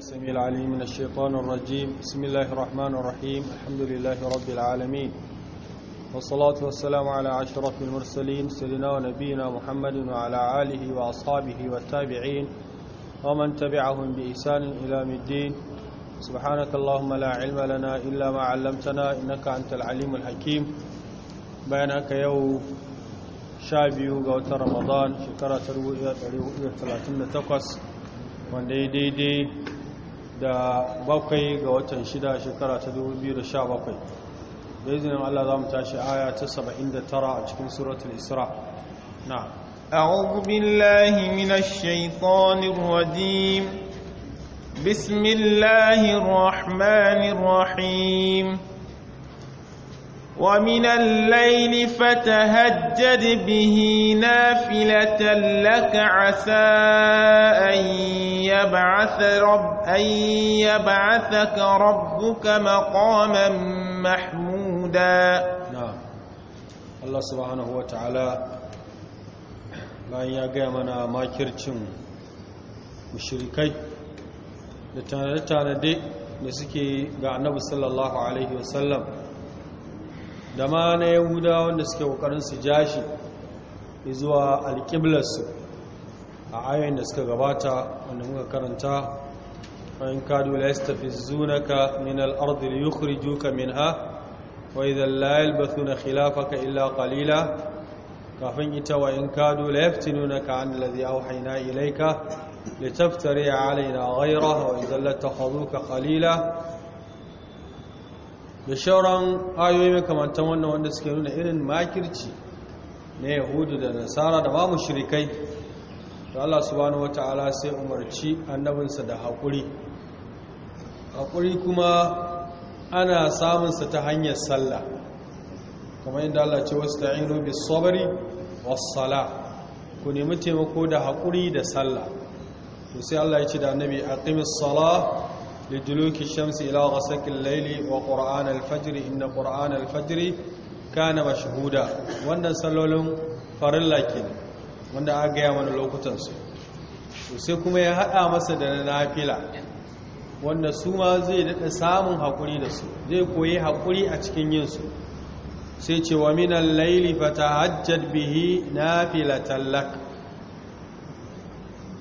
السميع العليم من الشيطان الرجيم بسم الله الرحمن الرحيم الحمد لله رب العالمين والصلاة والسلام على أشرف المرسلين سيدنا ونبينا محمد وعلى آله وأصحابه والتابعين ومن تبعهم بإحسان إلى الدين سبحانك اللهم لا علم لنا إلا ما علمتنا إنك أنت العليم الحكيم بينك يوم biyu ga watan ramadan ترويه ta 1438 wanda دي دي da bakwai ga watan shida shekara ta 2017 da izinin Allah za mu tashi aya ta 79 a cikin suratul isra na أعوذ بالله من الشيطان الرجيم بسم الله الرحمن الرحيم ومن الليل فتهجد به نافلة لك عسى أن يبعث, رب أن يبعثك ربك مقاما محمودا نعم الله سبحانه وتعالى بأن يقامنا ما كرتم مشركي لتنرتان دي نسكي بأن النبي صلى الله عليه وسلم da ma na yahuda wanda suke kokarin su jashi zuwa alƙiblarsu a ayoyin da suka gabata wanda muka karanta in kadu la yastafizunaka min al-ardi liyukhrijuka minha wa idhan la yalbathuna khilafaka illa kalila? kafin ita wa in kadu la yaftinunaka an alladhi awhayna ilayka litaftari alaina gaira wa idhan la takhadhuka kalila. da shauran ayoyi makamantan wannan wanda suke nuna irin makirci na yahudu da nasara da ba mu shirikai, to Allah subhanahu ala sai umarci annabinsa da haƙuri haƙuri kuma ana samunsa ta hanyar sallah kamar yadda Allah ce wasu ta'inu bis sobari wasu sala ku nemi taimako da haƙuri da sallah to sai Allah ya ce da annabi ƙimis sala لدلوك الشمس إلى غسق الليل وقرآن الفجر إن قرآن الفجر كان مشهودا وانا سلولهم فرلاكين وانا أقيا من الوقتنس وسيكما يهدى مسدنا نافلة wanda su ma zai daɗa samun haƙuri da su zai koyi haƙuri a cikin yinsu sai ce wa minan laili fata hajjar bihi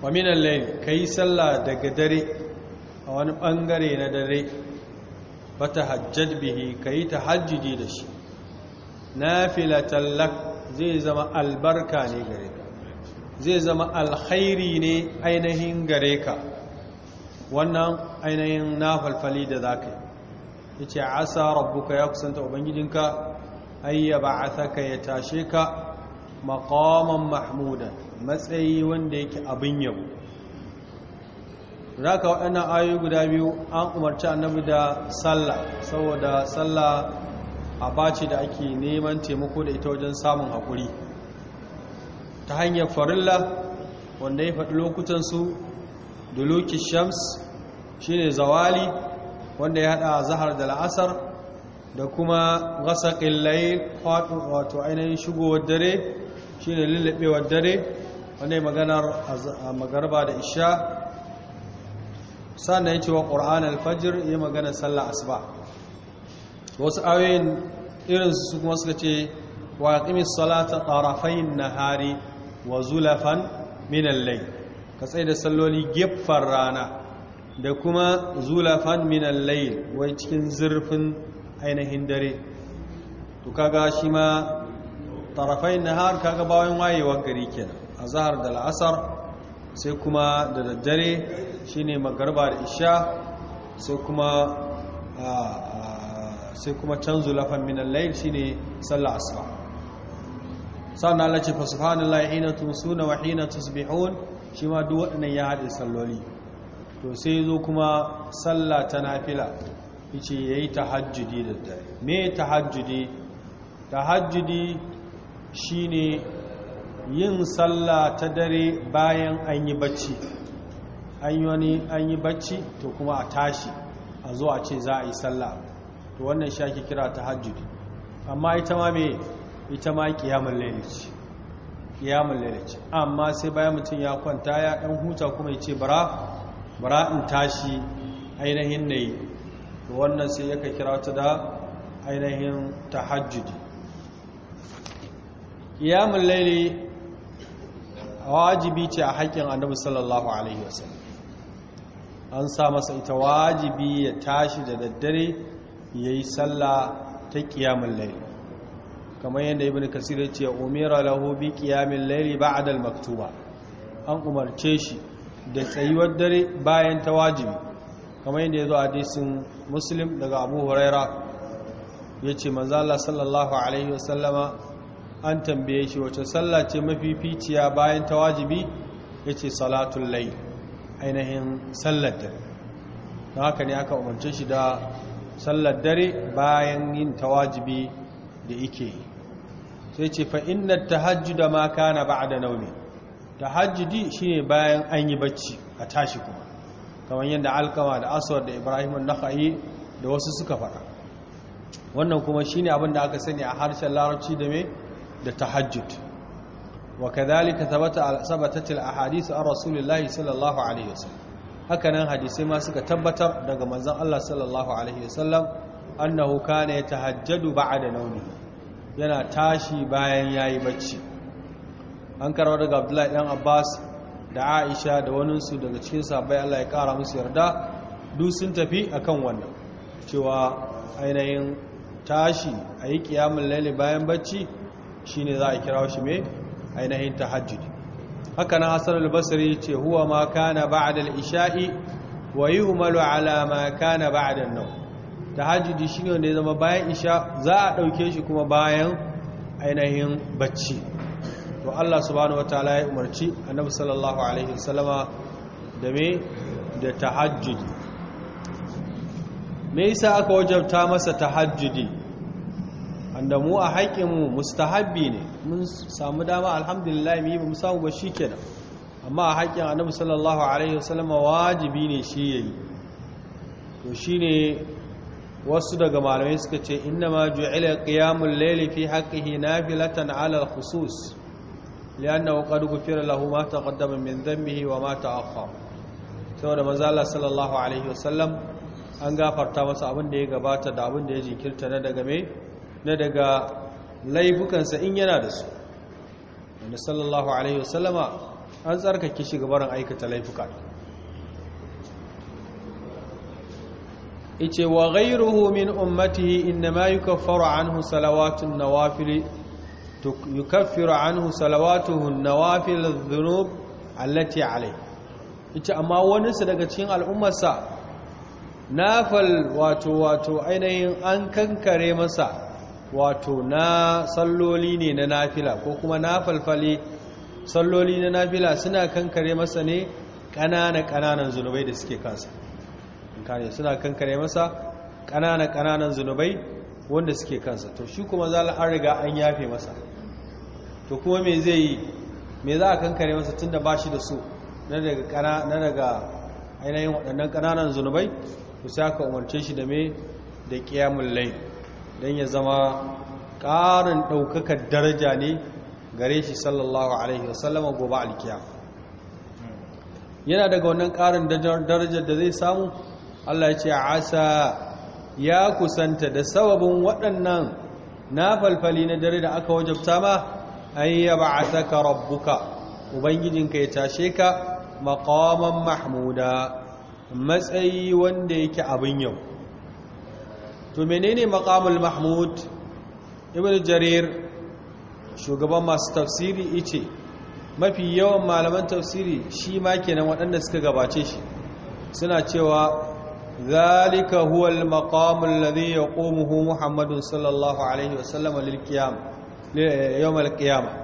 wa minan ka yi sallah daga dare a wani ɓangare na dare ba ta hajjad bihi ka yi ta hajjiji da shi na filatallak zai zama albarka ne gare ka zai zama alkhairi ne ainihin gare ka wannan ainihin na falfali da za ka yi ce asa ka ya kusanta ubangijinka ayyaba a saka ya tashe ka makaman mahmudan matsayi wanda yake abin yabo raka waɗannan ayoyi guda biyu an umarci annabi da sallah saboda sallah a bace da ake neman taimako da ita wajen samun haƙuri ta hanyar farilla wanda ya faɗi lokutansu duluki shams shi ne zawali wanda ya haɗa zahar da la'asar da kuma gasaƙin layi wato ainihin shigowar dare shine lullaɓewar dare wanda ya maganar magarba da isha sannan ya ce wa ƙor'an alfajir ya magana sallah asuba wasu ayoyin irinsu su kuma suka ce wa aqimi salata na nahari wa zulafan minan ka tsaye da salloli gefen rana da kuma zulafan minan al wai cikin zurfin ainihin dare to kaga shi ma na hari kaga bayan wayewar gari kenan a zahar da la'asar. sai kuma da daddare shine magarba da isha sai kuma sai kuma canzu lafan minan layl shine sallah asuba sannan Allah ce fa subhanallahi hina tumsuna wa hina tusbihun shi ma duk waɗannan ya haɗe salloli to sai zo kuma sallah ta nafila yace yayi tahajjudi da dare me tahajjudi tahajjudi shine yin sallah ta dare bayan an yi bacci an yi wani an yi bacci to kuma a tashi a zo a ce za a yi sallah to wannan shi ake kira ta hajjudi amma ita ma me ita ma kiyamun lalace kiyamun lalace amma sai bayan mutum ya kwanta ya dan huta kuma ya ce bara bara in tashi ainihin na yi to wannan sai yaka kira ta da ainihin tahajjudi kiyamun lalace wajibi ce a haƙƙin annabi sallallahu alaihi wasallam an sa masa ita wajibi ya tashi da daddare ya yi sallah ta ƙiyamin laili kamar yadda ibn kasir ce umira lahu bi ƙiyamin laili ba'da maktuba an umarce shi da tsayuwar dare bayan ta wajibi kamar yadda ya zo hadisin muslim daga abu huraira ya ce manzala sallallahu alaihi wasallama an tambaye shi wace sallah ce mafificiya bayan ta wajibi ya ce salatun lai ainihin sallar dare don haka ne aka umarce shi da sallar dare bayan yin ta wajibi da ike sai ce ta hajji da ma kana ba da nauni Ta di shi ne bayan an yi bacci a tashi kuma kamar yadda alkama da aswar da ibrahim nakha'i da wasu suka faɗa wannan kuma shi ne abin da aka sani a harshen larabci da mai da tahajjud wa kadhalika thabata sabatat al ahadith an rasulillahi sallallahu alaihi wasallam hakanan hadisai ma suka tabbatar daga manzon Allah sallallahu alaihi wasallam annahu kana yatahajjadu ba'da nawmihi yana tashi bayan yayi bacci an karwa daga Abdullahi dan Abbas da Aisha da waninsu daga cikin sahabbai Allah ya kara musu yarda duk sun tafi akan wannan cewa ainihin tashi a yi ƙiyamin laili bayan bacci shine za a kira shi me ainihin tahajjud haka na Hassan al-Basri yace huwa ma kana ba'da al-isha'i wa yuhmalu ala ma kana ba'da an-nawm tahajjudi shine wanda ya zama bayan isha za a dauke shi kuma bayan ainihin bacci to Allah subhanahu wataala ya umarci Annabi sallallahu alaihi wasallama da me da tahajjudi me yasa aka wajabta masa tahajjudi wanda mu a haƙƙinmu mustahabbi ne mun samu dama alhamdulillah mu yi mu samu ba kenan amma a hakkin annabi sallallahu alaihi wasallam wajibi ne shi yayi to shine wasu daga malamai suka ce ma ju'ila qiyamul layli fi haqqihi nafilatan 'ala al-khusus li'annahu qad ghufira lahu ma taqaddama min dhanbihi wa ma ta'akhkhara saboda manzo Allah sallallahu alaihi wasallam an gafarta masa abin da ya gabata da abin da ya jinkirta na daga me na daga laifukansa in yana da su wanda sallallahu alaihi wasallama an tsarkake shi gabarin aikata laifuka ice wa ghairuhu min ummatihi innama yukaffaru anhu salawatun nawafil yukaffiru anhu salawatuhun nawafil dhunub allati alayhi ice amma wani su daga cikin al'ummarsa nafal wato wato ainihin an kankare masa wato na salloli ne na nafila ko kuma na falfale salloli na nafila suna kankare masa ne ƙananan ƙananan zunubai da suke kansa kare suna kankare masa ƙananan ƙananan zunubai wanda suke kansa to shi kuma za an riga an yafe masa to kuma me zai yi me za a kankare masa tun da ba shi da su na daga ainihin waɗannan ƙananan zunubai ku sa ka umarce shi da me da ƙiyamun lai don ya zama ƙarin ɗaukakar daraja ne gare shi sallallahu alaihi wasallama gobe alkiya yana daga wannan ƙarin darajar da zai samu allah ce a asa ya kusanta da sababin waɗannan na falfali na dare da aka wajabta ma an yaba a saka rabbuka ubangijinka ya tashe ka makawaman mahmuda matsayi wanda yake abin yau to menene maqamul mahmud ibn jarir shugaban masu tafsiri ice mafi yawan malaman tafsiri shi ma kenan waɗanda suka gabace shi suna cewa zalika huwal maqamul ladhi yaqumuhu muhammadun sallallahu alaihi wasallam lil qiyam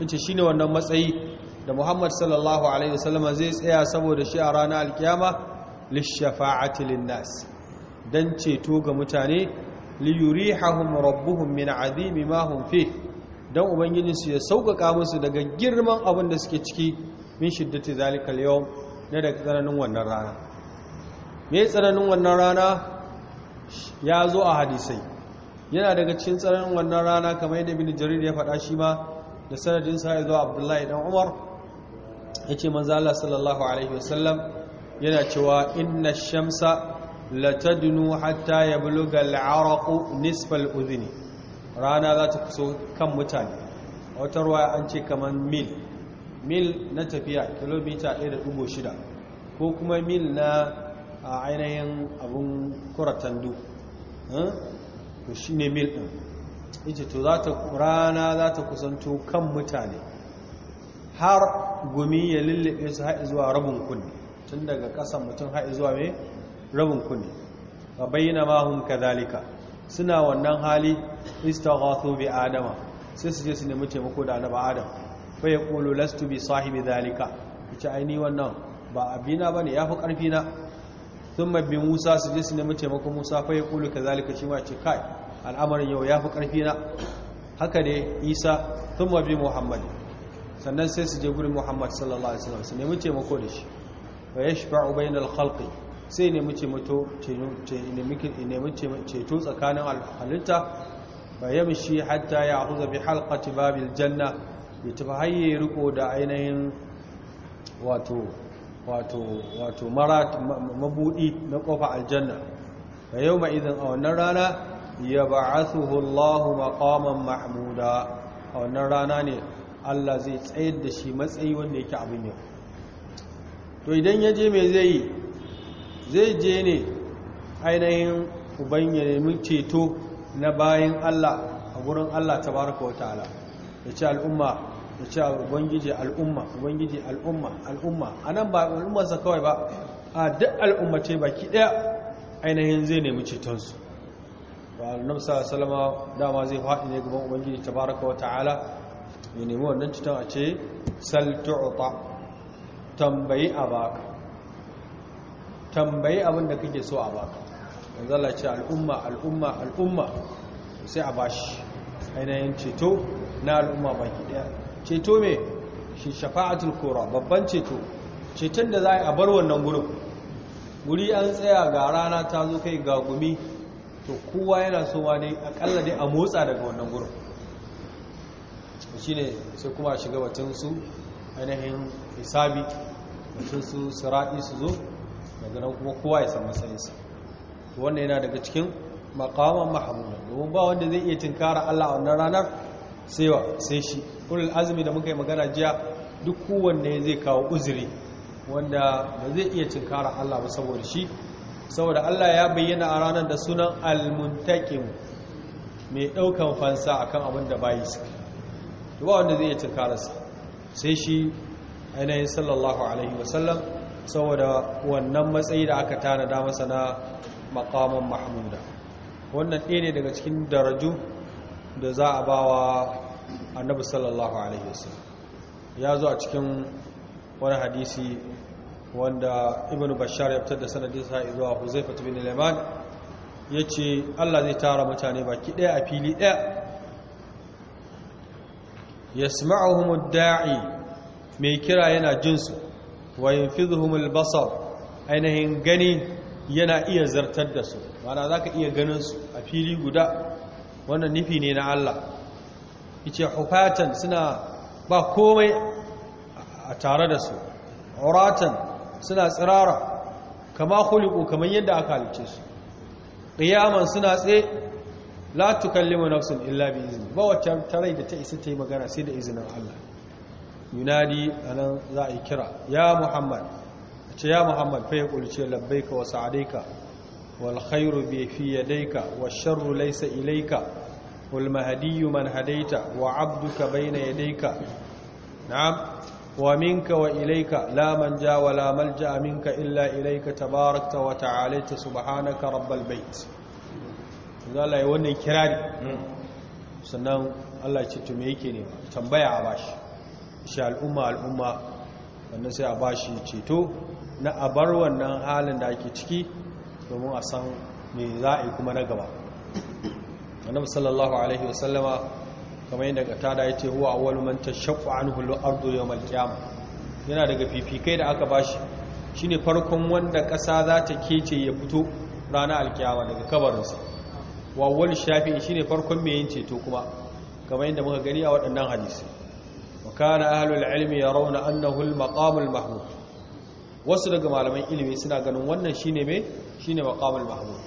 yace shine wannan matsayi da muhammad sallallahu alaihi zai tsaya saboda shi a ranar alkiyama lishafa'ati lin nas don ceto ga mutane liyurihahum rabbuhum min azimi ma hum fi dan ubangijinsu ya sauƙaƙa musu daga girman abin da suke ciki min shiddati zalikal yawm na daga tsananin wannan rana me tsananin wannan rana ya zo a hadisai yana daga cikin tsananin wannan rana kamar yadda ibn jarir ya faɗa shi ma da sanadin sa zo abdullahi dan umar yace manzo Allah sallallahu alaihi wasallam yana cewa inna shamsa latadnu hatta yabluga al'araqu nisfal udhni rana za ta kuso kan mutane wata ruwa an ce kaman mil mil na tafiya kilomita 1.6 ko kuma mil na ainihin abun kuratandu ko shi ne mil ɗin ita to rana za ta kusanto kan mutane har gumi ya lullube su haɗi zuwa rabin kunne tun daga ƙasan mutum haɗi zuwa mai rabin kunne fa bayyana ma hum suna wannan hali istaghathu bi adama sai su je su nemi taimako da annabi adam fa yaqulu lastu bi sahibi zalika yace ai ni wannan ba abina bane yafi karfi na thumma bi musa su je su nemi taimako musa fa yaqulu zalika shi ma ce kai al'amarin yau yafi karfi na haka dai isa thumma bi muhammad sannan sai su je gurin muhammad sallallahu alaihi wasallam su nemi taimako da shi wa yashfa'u bainal khalqi sai nemi ceto tsakanin halitta ba ya mishi hatta ya huza bi halkaci babil janna ya tafi haye riko da ainihin wato mabudi na kofa aljanna ba yau ma izin a wannan rana ya ba ba'athuhu Allahu makaman mahmuda a wannan rana ne Allah zai tsayar da shi matsayi wanda yake abin yau to idan ya je mai zai yi zai je ne ainihin uban ya nemi ceto na bayan Allah a gurin Allah ta baraka wata ala ya ce al'umma ya ce ubangiji al'umma ubangiji al'umma al'umma a nan ba al'ummarsa kawai ba a duk al'ummace baki ɗaya ainihin zai nemi cetonsu ba al'umsa salama dama zai faɗi ne gaban ubangiji ta baraka wata ala ya nemi wannan ceton a ce sal tambayi a baka tambayi abin da kake so a baka yanzu ce al'umma al'umma al'umma sai a bashi ainihin ceto na al'umma baki daya ceto me shi shafa'atul kora babban ceto ceton da za a bar wannan gurin guri an tsaya ga rana ta zo kai ga gumi to kowa yana so ma dai akalla dai a motsa daga wannan gurin shine sai kuma shiga batun su ainihin hisabi batun su sira'i su zo daga nan kuma kowa ya san matsayinsa wannan yana daga cikin makaman mahmuda domin ba wanda zai iya tinkara Allah a wannan ranar sai wa sai shi ulul azumi da muka yi magana jiya duk kowanne zai kawo uzuri wanda ba zai iya tinkara Allah ba saboda shi saboda Allah ya bayyana a ranar da sunan almuntakin mai ɗaukan fansa akan abin da bayi su ba wanda zai iya tinkararsa sai shi ainihin sallallahu alaihi wasallam saboda wannan matsayi da aka tanada masa na makamun mahmuda wannan ɗaya ne daga cikin daraju da za a ba wa annabi sallallahu alaihi wasallam ya zo a cikin wani hadisi wanda ibn bashar ya fitar da sanadin sa zuwa huzaifa bin Liman. Ya yace Allah zai tara mutane baki ɗaya a fili ɗaya yasma'uhum ad-da'i mai kira yana jinsu wa yanfidhuhumul basar ainihin gani yana iya zartar da su mana zaka iya ganin su a fili guda wannan nufi ne na Allah yace hufatan suna ba komai a tare da su uratan suna tsirara kama khuliqu kamar yadda aka halice su qiyaman suna tsaye la tukallimu nafsun illa bi izni ba wacce tarai da ta isa ta yi magana sai da izinin Allah yunadi anan za a yi kira ya muhammad ce ya muhammad fa ya kulce labbaika wa sa'adaika wal khairu bi fi yadayka wash sharru laysa ilayka wal mahdiyyu man hadaita wa 'abduka bayna yadayka na'am wa minka wa ilayka la ja wa la malja'a minka illa ilaika tabaarakta wa ta'alata subhanaka rabbal bait yi wannan kirari hmm. sannan Allah ya ce to me yake ne tambaya a bashi shi al'umma al'umma wannan sai a ba shi ceto na a bar wannan halin da ake ciki domin a san me za a yi kuma na gaba annabi sallallahu alaihi wasallama kamar yadda ka tada yace huwa awwalu man tashaqqu anhu al-ardu yawm al-qiyamah yana daga fifikai da aka bashi shine farkon wanda kasa za ta kece ya fito rana alkiyama daga kabarinsa wawwal shafi'i shine farkon mai yin ceto kuma kamar yadda muka gani a waɗannan hadisi kana ahlul ilmi yarawna annahu al-maqamul wasu daga malaman ilimi suna ganin wannan shine me shine maqamul mahmud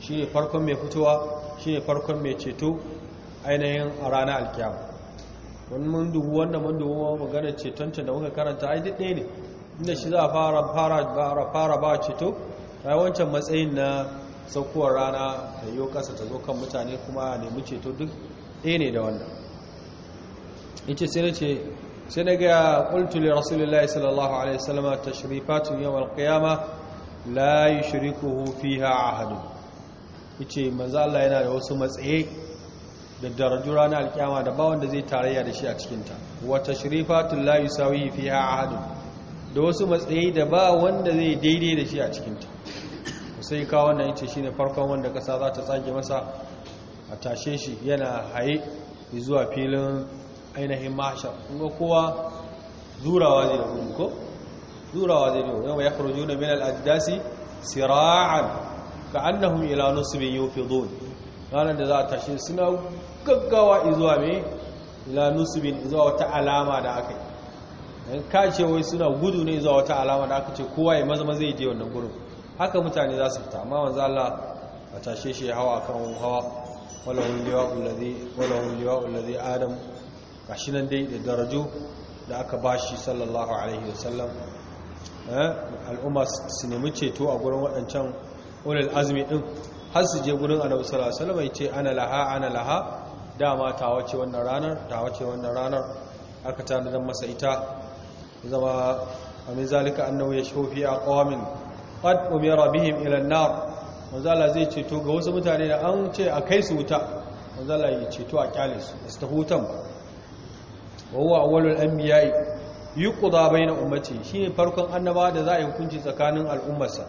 shine farkon mai fitowa shine farkon mai ceto ainihin a ranar alkiyama wani mun wanda mun dubu magana cetonta da muka karanta a ai duk ne inda shi za a fara fara fara ba ceto ai wancan matsayin na saukowar rana da yau kasa ta zo kan mutane kuma nemi ceto duk ɗaya ne da wannan yace sai nace sai na gaya qultu li rasulillahi sallallahu alaihi wasallam tashrifatu yawm alqiyama la yushrikuhu fiha ahad yace manzo Allah yana da wasu matsaye da daraju ranar alkiyama da ba wanda zai tarayya da shi a cikinta wa tashrifatu la yusawi fiha ahad da wasu matsayi da ba wanda zai daidai da shi a cikinta sai ka wannan yace shine farkon wanda kasa za ta tsage masa a tashe shi yana haye zuwa filin ainihin mashar kuma kowa zurawa zai da wuri ko zurawa zai da yau ya kuro juna min al'adidasi sira'an ka annahum ila fi yufidun ranar da za a tashi suna gaggawa izuwa mai ila nusbin zuwa wata alama da aka yi in ka ce wai suna gudu ne zuwa wata alama da aka ce kowa ya maza zai je wannan gurin haka mutane za su fita amma wanzu Allah a tashe shi ya hawa kan hawa walahun liwa'ul ladhi adam gashi nan dai da daraju da aka bashi sallallahu alaihi wasallam eh, al'umma su nemi ceto a gurin waɗancan ulul azumi ɗin har su je gurin annabi sallallahu alaihi wasallam ce ana laha ana laha dama ta wace wannan ranar ta wace wannan ranar aka tanadar masa ita zama amin zalika annahu yashfi a qawamin qad umira bihim ila an-nar manzala zai ceto ga wasu mutane da an ce a kai su wuta manzala ya ceto a kyale su su ta hutan wa huwa awwalul anbiya'i yuqda baina ummati shine farkon annaba da za a yi hukunci tsakanin al'ummarsa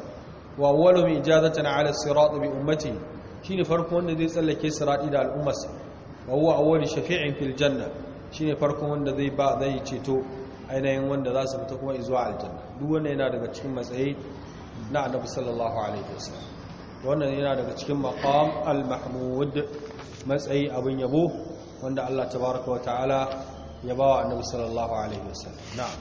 wa awwalum ijazatan ala sirat bi ummati shine farkon wanda zai tsallake sirati da al'ummarsa wa huwa awwalu shafi'in fil janna shine farkon wanda zai ba zai ceto ainihin wanda za su fita kuma zuwa aljanna duk wanda yana daga cikin matsayi na annabi sallallahu alaihi wasallam wannan yana daga cikin maqam al-mahmud matsayi abin yabo wanda Allah tabaaraka wa ta'ala يبا النبي صلى الله عليه وسلم نعم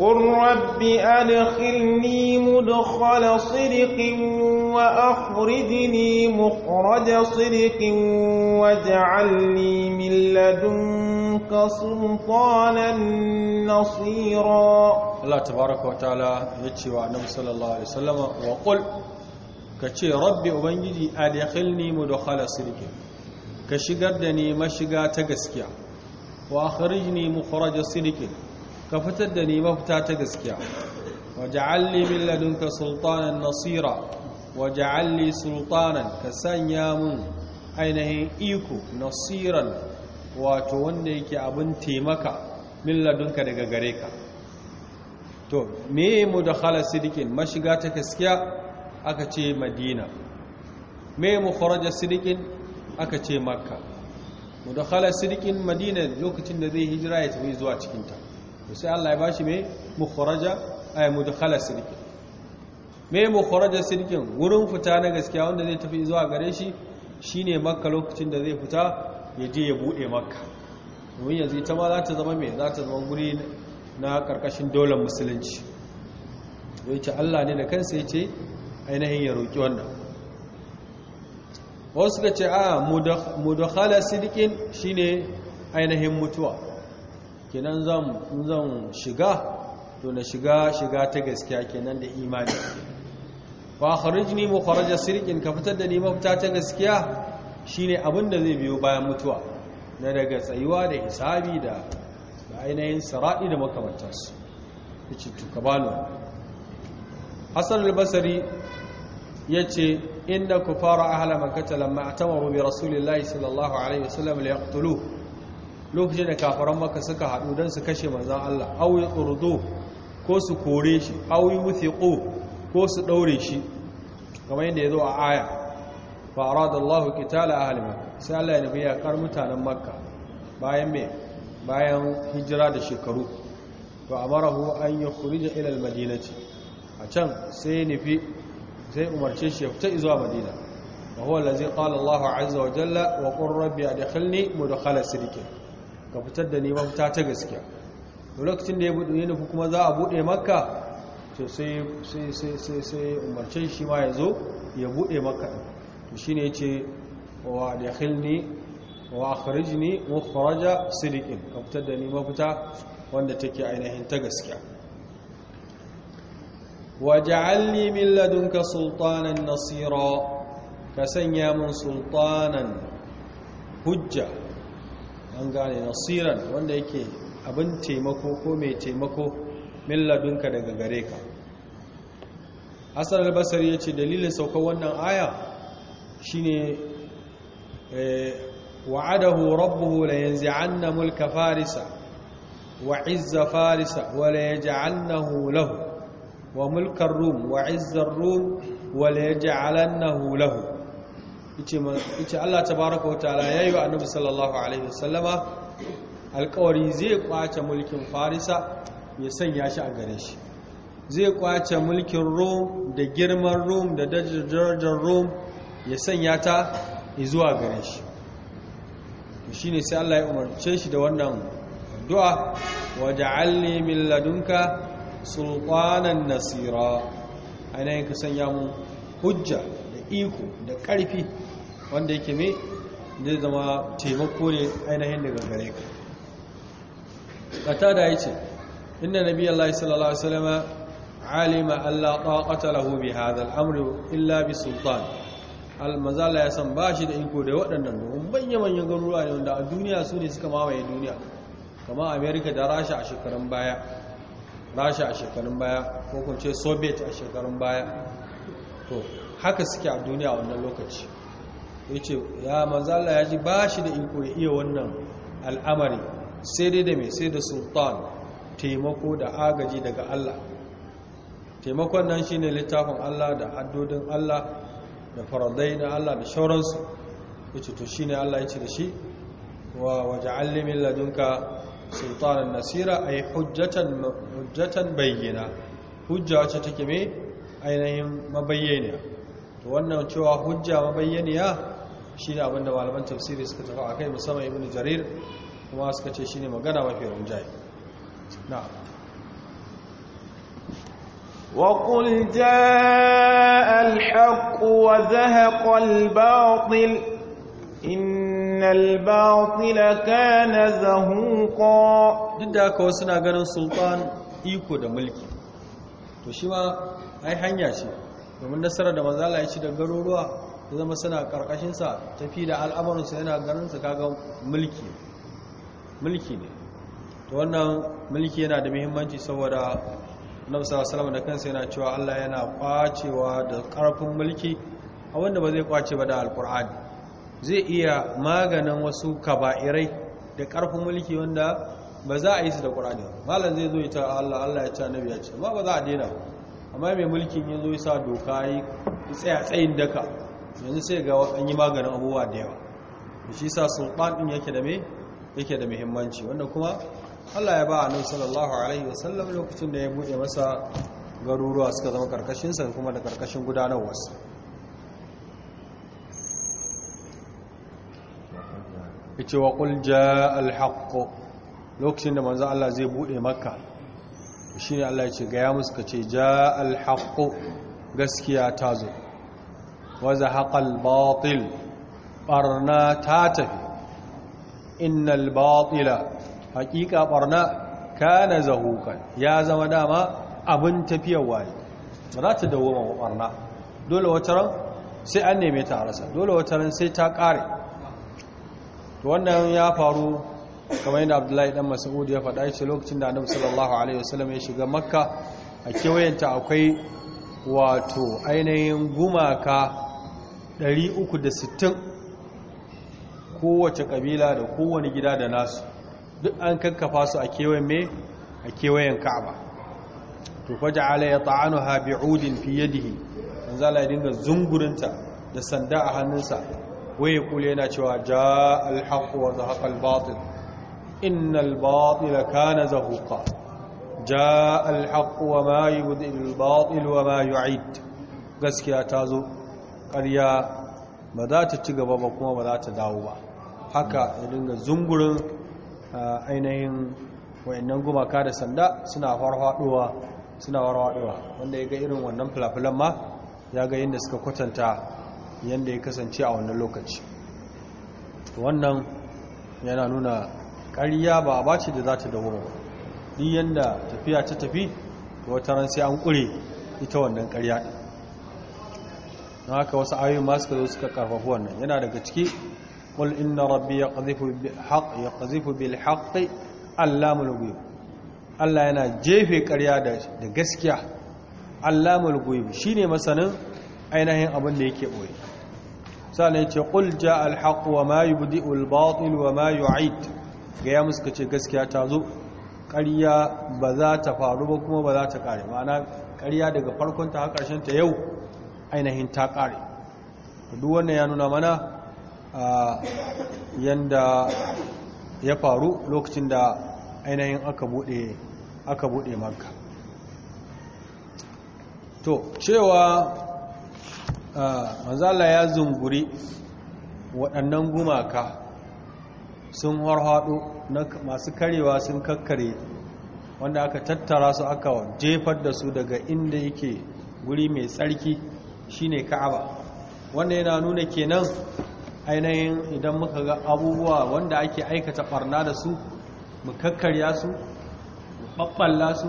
قل رب أدخلني مدخل صدق وأخرجني مخرج صدق واجعل لي من لدنك سلطانا نصيرا الله تبارك وتعالى يتشوى النبي صلى الله عليه وسلم وقل ka ce rabbi ubangiji da khala sirki ka shigar da ni mashiga ta gaskiya wa akhrijni mukhraja sirki ka fitar da ni mafita ta gaskiya wa ja'alni min ladunka sultanan nasira wa ja'alni sultanan ka sanya mun ainihin iko nasiran wato wanda yake abin taimaka min daga gare ka to me mu da khala sirkin mashiga ta gaskiya aka ce madina me mukharaja sidikin aka ce makka khala sidikin madina lokacin da zai hijira ya tafi zuwa cikinta to sai Allah ya bashi me mukharaja ay khala sidikin me mukharaja sidikin wurin fita na gaskiya wanda zai tafi zuwa gare shi shine makka lokacin da zai fita ya je ya bude makka domin yanzu ita ma za ta zama me za ta zama guri na karkashin daular musulunci ce Allah ne da kansa ya ce. ainihin ya roƙi wannan wasu suka ce a mudakhala sidikin shine ainihin mutuwa kenan zan shiga to na shiga shiga ta gaskiya kenan da imani wa kharijni mukharaja sirqin ka fitar da ni mafita ta gaskiya shine abin da zai biyo bayan mutuwa na daga tsayuwa da hisabi da ainihin saradi da makamantansu yace to kabalo Hassan al-Basri Ya ce yace inna kufara ahla ta lamma atamaru bi rasulillahi sallallahu alaihi wasallam kutulu lokacin da kafaran maka suka haɗu don su kashe manzan Allah yi yurdu ko su kore shi yi yuthiqu ko su ɗaure shi kamar yadda yazo a aya fara arada Allah qitala ahli makkah sai Allah ya nufi yakar mutanen makka bayan mai bayan hijira da shekaru to hu an yi yukhrija ilal madinaci. a can sai nufi zai umarce shi ya fita zuwa madina wa huwa allazi qala Allahu azza wa jalla wa qur rabbi adkhilni mudkhala Sidiqin, ka fitar da ni mafita ta gaskiya to lokacin da ya budu ne kuma za a bude makka to sai sai sai sai umarce shi ma ya ya bude makka to shine yace wa adkhilni wa akhrijni mukhraja sidiqin ka fitar da ni mafita wanda take ainihin ta gaskiya waj'alni min ladunka sultanan nasira ka sanya min sultanan hujja an gane nasiran wanda yake abin taimako ko mai taimako min ladunka daga gare ka hasan albasari ya ce dalilin saukar wannan aya shine eh, wa'adahu rabbuhu la yanzi'anna mulka farisa wa izza farisa wa la yaj'alnahu lahu wa mulkar rum wa izzar rum wa la yaj'alannahu lahu yace Allah tabaaraka wa ta'ala yayi annabi sallallahu alaihi wasallama alƙawari zai kwace mulkin farisa ya sanya shi a gare shi zai kwace mulkin rum da girman rum da darajar rum ya sanya ta zuwa gare shi shi sai Allah ya umarce shi da wannan du'a wa ja'alni min ladunka sultanan nasira ainihin ka sanya mu hujja da iko da ƙarfi wanda yake mai zai zama taimako ne ainihin daga gare ka kata da ya ce inda nabi Allah sallallahu Alaihi wasallama alima Allah ɗaƙata lahobi bi al'amri illa bi sultan almazala ya san ba shi da iko da waɗannan domin manya-manyan garuruwa ne wanda a duniya su ne suka mamaye duniya kama amerika da rasha a shekarun baya rasha a shekarun baya ko kun ce soviet a shekarun baya to haka suke a duniya wannan lokaci ya ce ya manzala ya ji ba shi da iko ya iya wannan al'amari sai dai da mai sai da sultan taimako da agaji daga allah taimakon nan shine littafin allah da haddodin allah da faradai na allah da shauransu ya ce to shine allah ya ce da shi wa waje allimin ladunka سلطان النسيرة أي حجة حجة بينة حجة تتكمي أينهم مبينة وأن تشوى حجة مبينة شين أبن والبن تفسير اسكتفاع كي مسمى ابن جرير وما اسكتش شين مغانا وفي رنجاي نعم وقل جاء الحق وزهق الباطل innal batila kana zahuqa duk da haka wasu ganin sultan iko da mulki to shi ma ai hanya ce domin nasarar da manzo ya ci da garuruwa ya zama suna karkashin sa tafi da al'amarin sa yana ganin sa kaga mulki mulki ne to wannan mulki yana da muhimmanci saboda Annabi sallallahu alaihi da kansa yana cewa Allah yana kwacewa da karfin mulki a wanda ba zai kwace ba da alqur'ani zai iya maganin wasu kaba'irai da ƙarfin mulki wanda ba za a yi su da ƙur'ani malam zai zo yi ta Allah Allah ya ce annabi ya ce ba ba za a daina amma mai mulkin yin zo ya sa doka yi a tsayin daka yanzu sai ga an yi maganin abubuwa da yawa shi sa sun din yake da muhimmanci wanda kuma Allah ya ba a nan sallallahu alaihi wasallam lokacin da ya buɗe masa garuruwa suka zama ƙarƙashinsa sa kuma da karkashin gudanarwarsa ce wa qul alhaƙo lokacin da manzan Allah zai maka makka ne Allah ya ce gaya musu ka ce ja alhaƙo gaskiya ta zo waza haƙal batil ɓarna ta tafi innal batila ɓarna barna kana zahukan ya zama dama abin tafiyar waye ba za ta dawo ma ɓarna dole wataran sai an neme ta a rasa dole wataran sai ta ƙare to wannan ya faru kamar yadda abdullahi dan mas'ud ya faɗa shi lokacin da annabi sallallahu alaihi wasallam ya shiga makka a kewayenta akwai wato ainihin gumaka 360 kowace kabila da kowane gida da nasu duk an kankafa su a kewayen me a kewayen ka'aba to faja'ala ya ta'anuha bi'udin fi yadihi manzala ya dinga zungurinta da sanda a hannunsa Wai kula yana cewa ja haƙa wa zahaqa albatil innal ka kana zahuqa ja alhaq wa ma yubdi albatil wa ma yu'id gaskiya ta zo ƙarya ba za ta ci gaba ba kuma ba za ta dawo ba haka ya dinga zungurin ainihin wayannan gumaka da sanda suna farfaduwa suna warwaɗewa wanda ya ga irin wannan fulafulan ma ya ga yadda suka kwatanta yadda ya kasance a wannan lokaci wannan yana nuna ƙarya ba a bace da za ta dawo ba duk yadda tafiya ta tafi wata ran sai an ƙure ita wannan ƙarya ɗin na haka wasu ayoyin masu ka suka karfafu wannan yana daga ciki ƙul inna rabbi ya ƙazifu bil haƙi allamul allah yana jefe ƙarya da gaskiya allamul Shi ne masanin ainihin abin da yake ɓoye sannan ce qul jaa al wa ma yubdi'u al-batil wa ma yu'id ga ya muska ce gaskiya ta zo ƙarya ba za ta faru ba kuma ba za ta ƙare ma'ana ƙarya daga farkon ta har ta yau ainihin ta ƙare duk wannan ya nuna mana yanda ya faru lokacin da ainihin aka bude aka bude makka to cewa Ah, manzala ya zunguri waɗannan gumaka sun harhaɗo masu karewa sun kakkare wanda aka tattara su aka jefar da su daga inda yake guri mai tsarki shine ka'aba wanda yana nuna kenan ainihin idan muka ga abubuwa wanda ake aikata barna da su mu kakkarya su mu faffalla su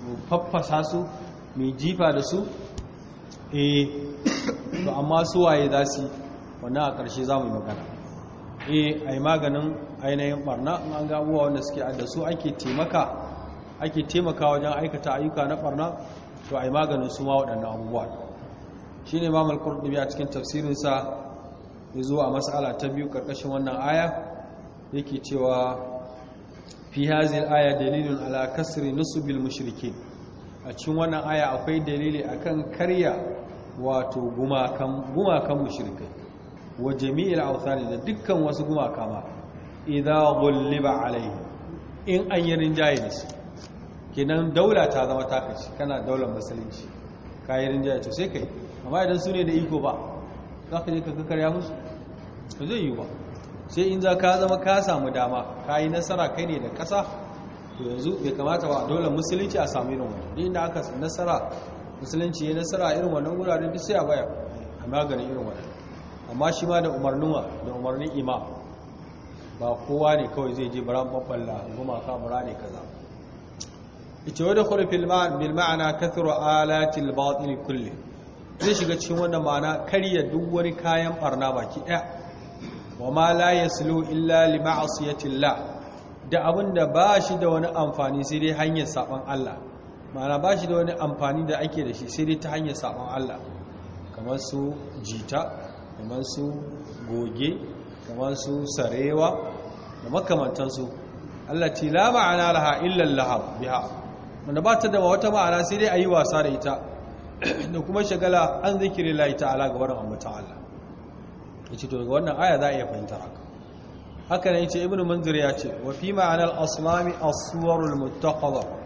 mu faffasa su mu jifa da su eh to amma suwaye za su wannan a ƙarshe za mu yi magana eh a yi maganin ainihin barna in an gabuwa wanda suke a da su ake taimaka ake taimaka wajen aikata ayyuka na barna to a maganin su ma waɗannan abubuwa shi ne mamal kurdubi a cikin tafsirinsa ya zo a matsala ta biyu ƙarƙashin wannan aya yake cewa fi hazin aya dalilin ala kasri nusubil mushrikin a cikin wannan aya akwai dalili akan karya wato gumakan gumakan mushrikai wa jami'il awthani da dukkan wasu gumaka ma idza gulliba alaihi in an yi rinjaye da su kenan daula ta zama taka shi kana daular musulunci ka yi rinjaye to sai kai amma idan su ne da iko ba za ka je ka kakarya musu to zai yi ba sai in za ka zama ka samu dama ka yi nasara kai ne da ƙasa to yanzu bai kamata ba daular musulunci a sami irin wani inda aka nasara musulunci ya nasara a irin wannan wurare duk sai a baya a maganin irin wannan amma shi ma da umarnuwa da umarnin imam ba kowa ne kawai zai je bara babbala gumaka bara ne kaza ita wadda kuri bil ma'ana kathru alatil batil kulli zai shiga cikin wannan ma'ana karya duk wani kayan barna baki ɗaya wa ma la yaslu illa li ma'asiyatillah da abinda ba shi da wani amfani sai dai hanyar saban Allah ma'ana ba shi da wani amfani da ake da shi sai dai ta hanyar saman Allah kamar su jita kamar su goge kamar su sarewa da makamantansu Allah ce la ma'ana laha illal lahab biha wanda ba ta da wata ma'ana sai dai a yi wasa da ita da kuma shagala an zikiri ita ala ga barin ambata Allah Ya ce to ga wannan aya za a iya fahimta haka haka ne ce ibnu manzur ya ce wa fi ma'anar aslami aswarul muttaqaba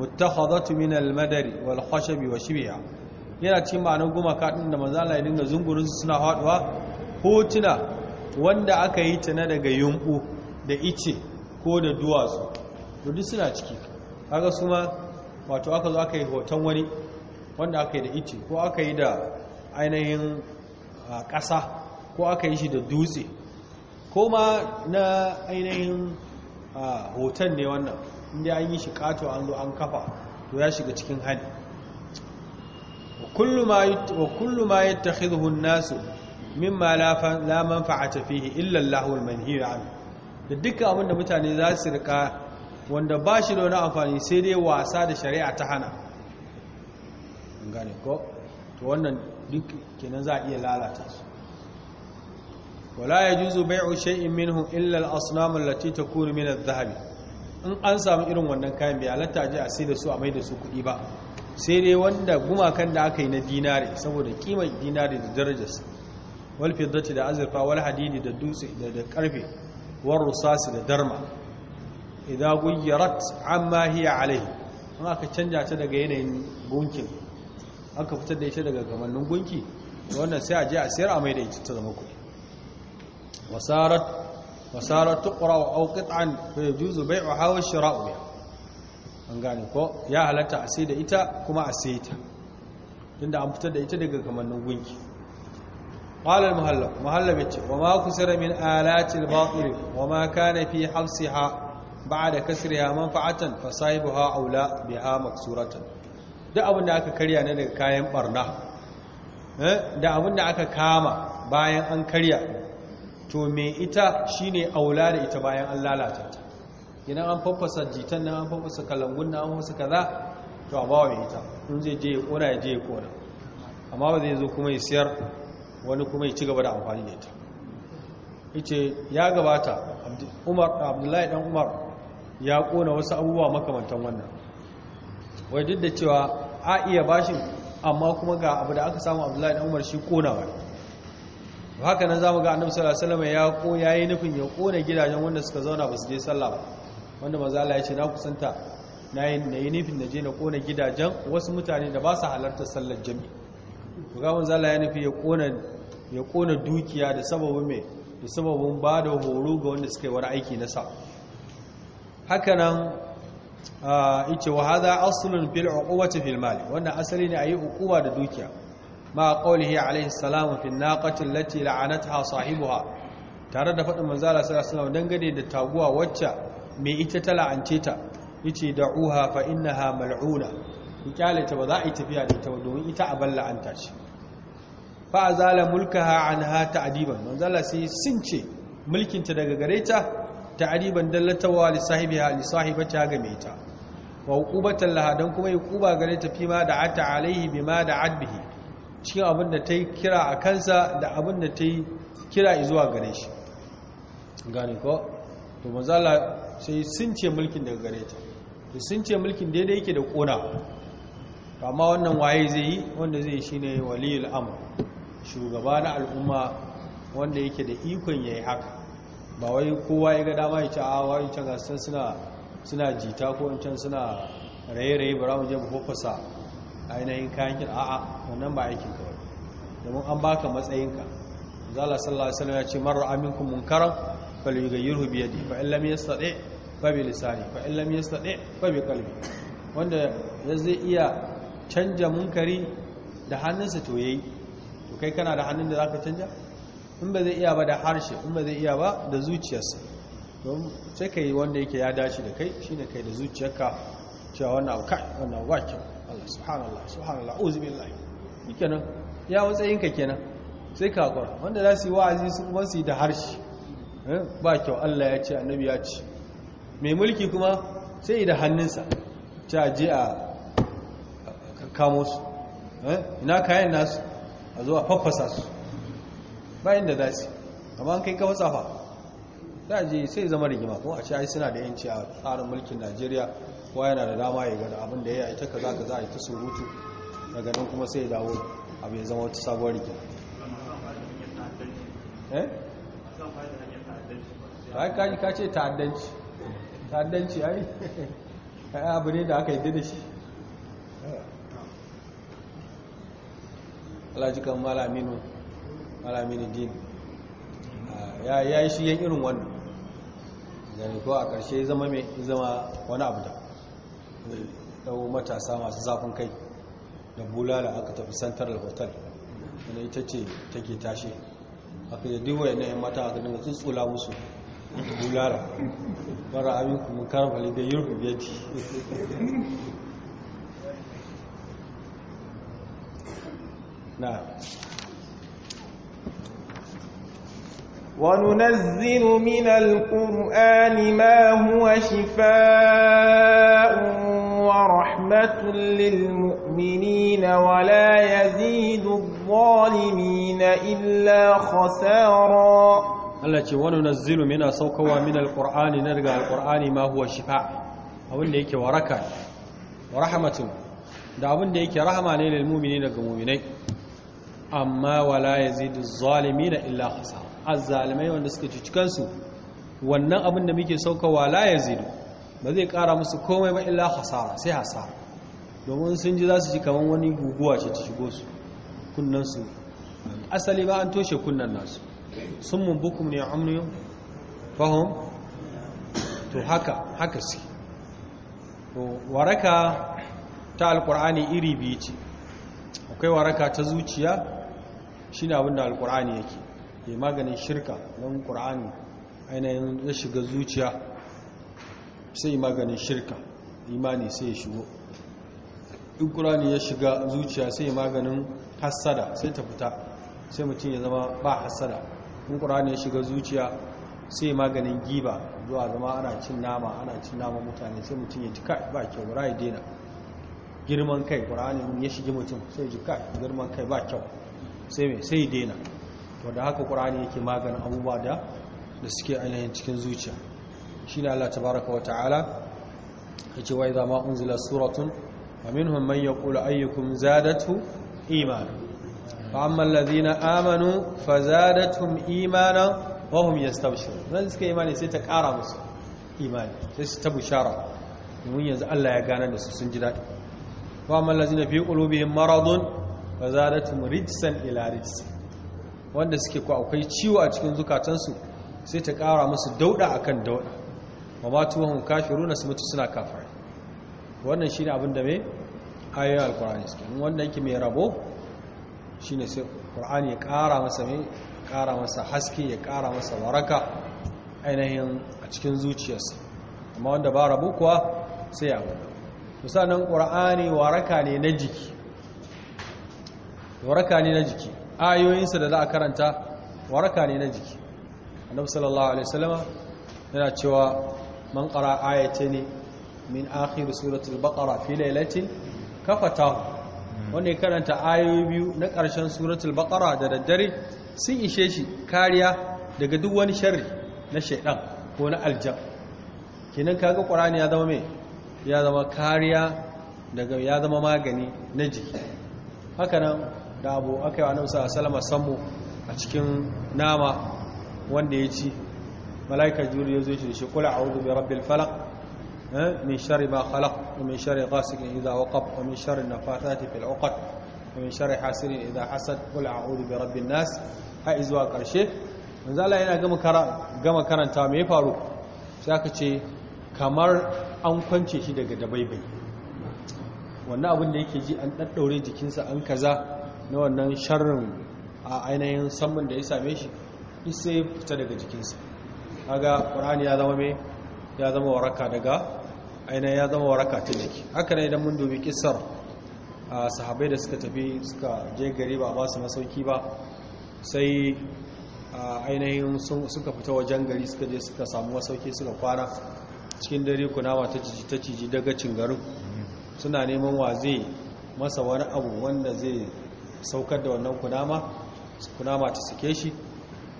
muttakhadhat من المدر والخشب wal yana cikin ma'anar gumaka din da manzo Allah ya dinga zungurin su suna haɗuwa? hotuna wanda aka yi ta na daga yumbu da ice ko da duwatsu to duk suna ciki kaga su ma wato aka zo aka yi hoton wani wanda aka yi da ice ko aka yi da ainihin ƙasa ko aka yi shi da dutse ko ma na ainihin hoton ne wannan inda an yi shi kato an zo an kafa to ya shiga cikin hali wa kullu ma yattakhidhu an-nasu mimma la manfa'ata fihi illa Allahu al-manhir an da dukkan abin da mutane za su rika wanda ba shi da wani amfani sai dai wasa da shari'a ta hana gane ko to wannan duk kenan za a iya lalata su wala yajuzu bai'u shay'in minhu illa al-asnam allati takunu min adh-dhahabi in an samu irin wannan kayan bai halatta ji a sai da su a mai da su kuɗi ba sai dai wanda gumakan da aka yi na dinare saboda kimar dinare da su walfi fiddati da azurfa wal hadidi da dutse da karfe war rusasi da darma idza ghayyarat amma hiya alai in aka canja ta daga yanayin gunkin aka fitar da ita daga gamannin gunki wannan sai a je a sayar a mai da ita ta zama kuɗi wasarat wasarar tukura wa auƙit'an fa ya juzu bai a hawa shira'u ya an gane ko ya halatta a sai da ita kuma a sai ta inda an fitar da ita daga kamannin gunki ƙwalar muhallab muhallab ya ce wa ma kusura min alatil batir wa ma kana fi hafsiha ba da kasriya manfa'atan fa sahibuha aula biha maksuratan duk abin da aka karya ne daga kayan barna da abin da aka kama bayan an karya to me ita shi a aula da ita bayan an lalata ta idan an faffasa jitan nan an faffasa kalangun nan an faffasa kaza to a bawa ita in zai je ya kona ya je ya kona amma ba zai zo kuma ya siyar wani kuma ya ci gaba da amfani da ita Ita ya gabata Umar Abdullahi dan Umar ya kona wasu abubuwa makamantan wannan wai duk da cewa a iya bashin amma kuma ga abu da aka samu Abdullahi dan Umar shi kona wani haka nan mu ga annabi sallallahu alaihi wasallam ya ko yayi nufin ya kona gidajen wanda suka zauna ba su je sallah ba wanda manzo Allah ya ce na kusanta na yi nufin da je na kona gidajen wasu mutane da ba su halartar sallar jami'i ku ga manzo Allah ya nufi ya kona ya kona dukiya da sababin me da sababin ba da horo ga wanda suka yi wani aiki na sa haka nan ah, yace wa hadha aslun fil uquwati fil mali wannan asali ne ayi uquba da dukiya ma qawlihi alaihi salam fi naqati allati la'anatha sahibuha tare da faɗin Manzala Allah sallallahu alaihi wasallam dangane da taguwa wacce mai ita ta la'ance ta yace da'uha fa innaha mal'una ku kyale ta ba za a yi tafiya da ita domin ita a balla an tashi fa azala mulkaha anha ta'diban manzo Allah sai ce mulkin ta daga gare ta ta'diban dallatawa li sahibiha li sahibata ga mai ta wa uqubatan laha dan kuma yi kuba gare ta fima da ata alaihi bima da adbihi cikin abin da ta yi kira a kansa da abin da ta yi kira zuwa gare shi gane ko to mazala sai sun ce mulkin daga gare ta to sun ce mulkin daidai yake da kona amma wannan waye zai yi wanda zai shi ne waliyul amr shugaba na al'umma wanda yake da ikon ya yi haka ba wai kowa ya ga dama ya ce a wani can gasar suna jita ko can suna raye-raye ba ramun jami'a ko fasa ainihin kayan kira a'a wannan ba aikin kawai domin an baka matsayinka zala sallallahu alaihi wasallam ya ce marar aminkum munkaran falyughayyirhu bi yadihi fa illam yastati fa bi lisani fa illam yastati fa bi qalbi wanda zai iya canja munkari da hannunsa to yayi to kai kana da hannun da zaka canja in ba zai iya ba da harshe in ba zai iya ba da zuciyarsa don sai ka yi wanda yake ya dace da kai shine kai da zuciyarka cewa wannan abu kai wannan abu ba kyau Allah subhanallah subhanallah uzubillah kenan ya matsayin ka kenan sai ka hakura wanda za su yi wa'azi su kuma su yi da harshe eh, ba kyau Allah ya ce annabi ya ce mai mulki kuma sai da hannunsa ta je a kamo su eh, ina kayan nasu a zo a faffasa su bayan da za su amma an kai ka watsafa za a je sai zama rigima kuma a ce ai suna da yanci a tsarin mulkin najeriya kuwa yana da dama ya gada abin da ya yi ta kaza kaza a ta surutu daga nan kuma sai ya dawo abu ya zama wata sabuwar rikin eh? ka ce ta'addanci ta'addanci ai abu ne da aka yi da shi alajikan malaminu malaminu din ya yi shi yan irin wannan gani ko a ƙarshe zama mai zama wani abu da ɗau matasa masu zafin kai da bulala aka tafi central hotel wani ita ce take tashi aka yi duwaye na yin mata aka dinga tsutsula musu bulala mara abin kuma karfali da yurku biyati na وَنُنَزِّلُ مِنَ الْقُرْآنِ مَا هُوَ شِفَاءٌ ورحمة للمؤمنين ولا يزيد الظالمين إلا خسارا Allah ce wani nazzilu mina saukowa min alƙur'ani na daga alƙur'ani ma huwa shifa abinda yake waraka wa rahmatun da abinda yake rahama ne lil mu'mini daga mu'minai amma wala yazidu zalimina illa khasara azzalimai wanda suke cuci kansu wannan abin da muke saukowa la yazidu ba zai kara musu komai ba illa hasara sai hasara domin sun ji za su ji kamar wani guguwa ce ta shigo su su asali ba an toshe kunnan nasu sun bukum ne amniyo fahim to haka haka su waraka ta alkur'ani iri biyu ce akwai waraka ta zuciya shi ne abinda alkur'ani yake ke maganin shirka don ƙur'ani ainihin ya shiga zuciya sai maganin shirka imani sai ya shigo in ƙurani ya shiga zuciya sai maganin hassada sai ta fita sai mutum ya zama ba hassada in ƙurani ya shiga zuciya sai maganin giba zuwa zama ana cin nama ana cin nama mutane sai mutum ya ji kai ba kyau ba ya daina girman kai ƙurani ya shiga mutum sai ji kai girman kai ba kyau sai mai sai daina to da haka ƙurani yake maganin abubuwa da da suke ainihin cikin zuciya shine Allah tabaraka wa ta'ala yace wa idza ma unzila suratun wa minhum man yaqulu ayyukum zadatu imana fa amma alladhina amanu fazadatuhum imana wa hum yastabshirun dan suka imani sai ta kara musu imani sai su ta bushara Mun yanzu Allah ya gane da su sun ji dadi wa amma alladhina fi qulubihim maradun fazadatuhum rijsan ila rijsin wanda suke ko akwai ciwo a cikin zukatansu sai ta kara musu dauda akan dauda wa matuwan kafiruna su mutu suna kafar wannan shi ne abinda mai ayoyin alkur'ani suke wanda yake mai rabo ne sai qur'ani ya ƙara masa mai ƙara masa haske ya ƙara masa waraka ainihin a cikin zuciyarsa amma wanda ba rabo kuwa sai ya bada misalin qur'ani waraka ne na jiki waraka ne na jiki ayoyinsa da za a karanta waraka ne na jiki annabi sallallahu alaihi wasallama yana cewa من qara ne min akhir suratul baqara في lailatin kafatahu wanda ya karanta ayoyi biyu na ƙarshen suratul baqara da daddare sun ishe shi kariya daga duk wani sharri na shaidan ko na aljab kinan kaga qur'ani ya zama mai ya zama kariya daga ya zama magani na jiki hakanan da abu aka yi wa annabi sallallahu alaihi sammu a cikin nama wanda ya ci malaika juri ya zo shi da shi kula a'udhu bi rabbil falak min shari ma khalaq wa min sharri ghasiqin idha waqab wa min sharri nafathati fil 'uqad wa min sharri hasidin idha hasad kula a'udhu bi rabbil nas ha izuwa karshe manzo Allah yana gama gama karanta me ya faru sai aka ce kamar an kwance shi daga dabaibai wannan abin da yake ji an daddaure jikinsa an kaza na wannan sharrin a ainihin saman da ya same shi sai ya fita daga jikinsa kaga qur'ani ya zama me ya zama waraka daga ainihin ya zama waraka ta jiki haka ne idan mun dubi kissar sahabai da suka tafi suka je gari ba ba su masauki ba sai ainihin suka fita wajen gari suka je suka samu masauki suka kwana cikin dare kunama ta ciji ta ciji daga garin suna neman wa zai masa wani abu wanda zai saukar da wannan kunama ta suke shi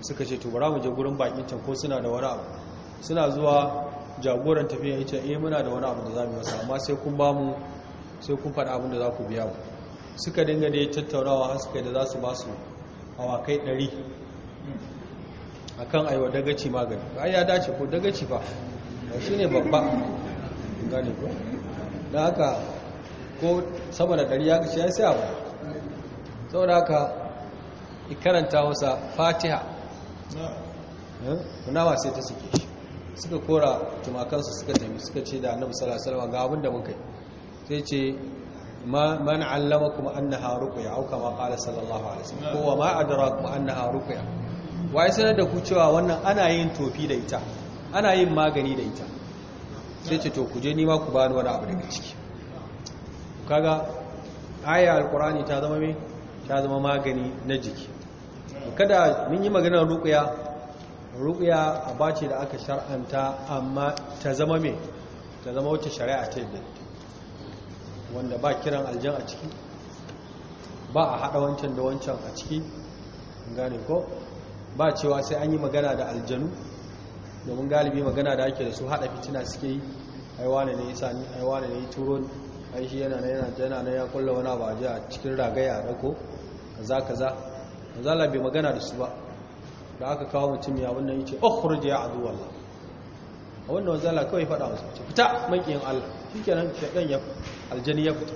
suka ce to mu je gurin bakin can ko suna da wani abu suna zuwa jagoran tafiya ya ce eh muna da wani abu da za mu yi masa amma sai kun ba mu sai kun faɗa abin da za ku biya mu suka dinga da ya tattaunawa har suka da za su ba su awakai ɗari a kan aiwa dagaci magani ba ya dace ko dagaci ba ba shi ne babba gane ko da haka ko sama da ɗari ya gashi ya sai abu saboda haka karanta wasa fatiha Eh? nawa sai ta suke shi suka kora tumakansu suka taimi suka ce da annabu sallallahu ga abinda da muka sai ce man allama kuma haru kuya auka ma kala sallallahu alaihi ko wa ma haru kuya wa yi sanar da ku cewa wannan ana yin tofi da ita ana yin magani da ita sai ce to ku je nima ku bani wani abu daga ciki kaga aya alkurani ta zama me ta zama magani na jiki kada mun yi maganar rukuya rukuya a bace da aka shar'anta amma ta zama me ta zama wacce shari'a ta yi wanda ba kiran aljan a ciki ba a haɗa wancan da wancan a ciki gane ko ba cewa sai an yi magana da aljanu domin galibi magana da ake da su haɗa fitina suke yi aiwane ne ya ni aiwane ne ya turo aishi yana na yana na ya kulla wani abu a cikin ragaya da ko kaza kaza zala bai magana da su ba da aka kawo mutum ya wannan yace ukhruj ya adu wallah a wannan zala kawai fada wasu ce fita makiyin Allah shikenan shedan ya aljani ya fita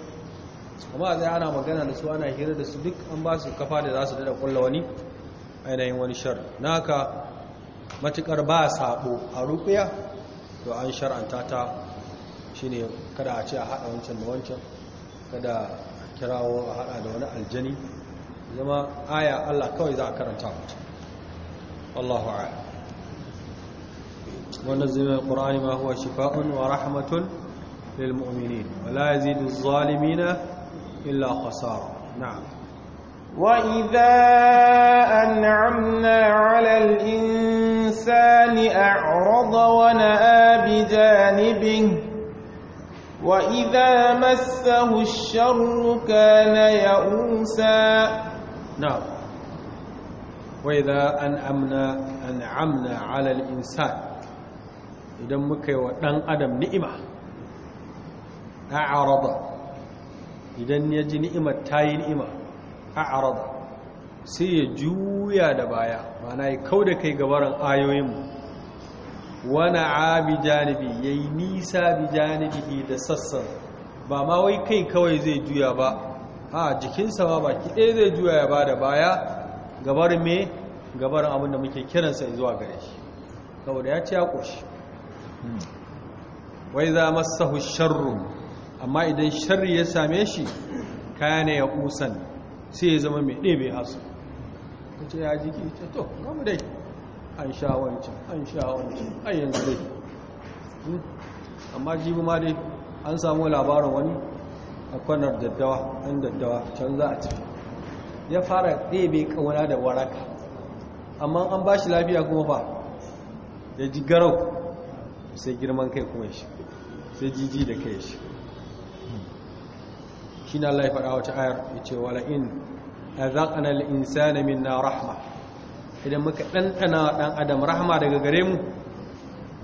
amma sai ana magana da su ana hira da su duk an ba su kafa da za su dada kulla wani ainihin wani shar naka matukar ba sabo a ruqiya to an shar'anta ta shine kada a ce a hada wancan da wancan kada kirawo a hada da wani aljani zama aya Allah kawai za a karanta mutum wallahu a'lam ونزل القرآن ما هو شفاء ورحمة للمؤمنين ولا يزيد الظالمين إلا خسارة نعم وإذا أنعمنا على الإنسان أعرض ونأى بجانبه وإذا مسه الشر كان يئوسا na wai za an amna alal insan idan muka yi wa ɗan adam ni'ima a araba idan ya ji ni'imar ta yi ni'ima a araba sai ya juya da baya mana ya kau da kai gabaran ayoyinmu wani abi janibi ya yi nisa bi janibi da sassan ba ma wai kai kawai zai juya ba a jikinsa ba baki ɗaya zai juya ya ba da baya gabar me gabar abin da muke kiransa zuwa gare shi saboda ya ce ya ƙoshi hmm. wai za masahu sharru amma idan sharri ya same shi kaya ne ya ƙusan sai ya zama mai ɗebe hasu ta ce ya jiki ta to gamu dai an sha wancan an sha wancan an yanzu dai hmm. amma jibi ma dai an samu labarin wani a kwanar daddawa ɗan daddawa can za a ciki ya fara ɗebe ƙauna da waraka amma an ba shi lafiya kuma ba ya ji garau sai girman kai kuma shi sai jiji da kai shi shi na laifar a wata ayar ya ce wala in azaqana al min minna rahma idan muka ɗanɗana wa ɗan adam rahma daga gare mu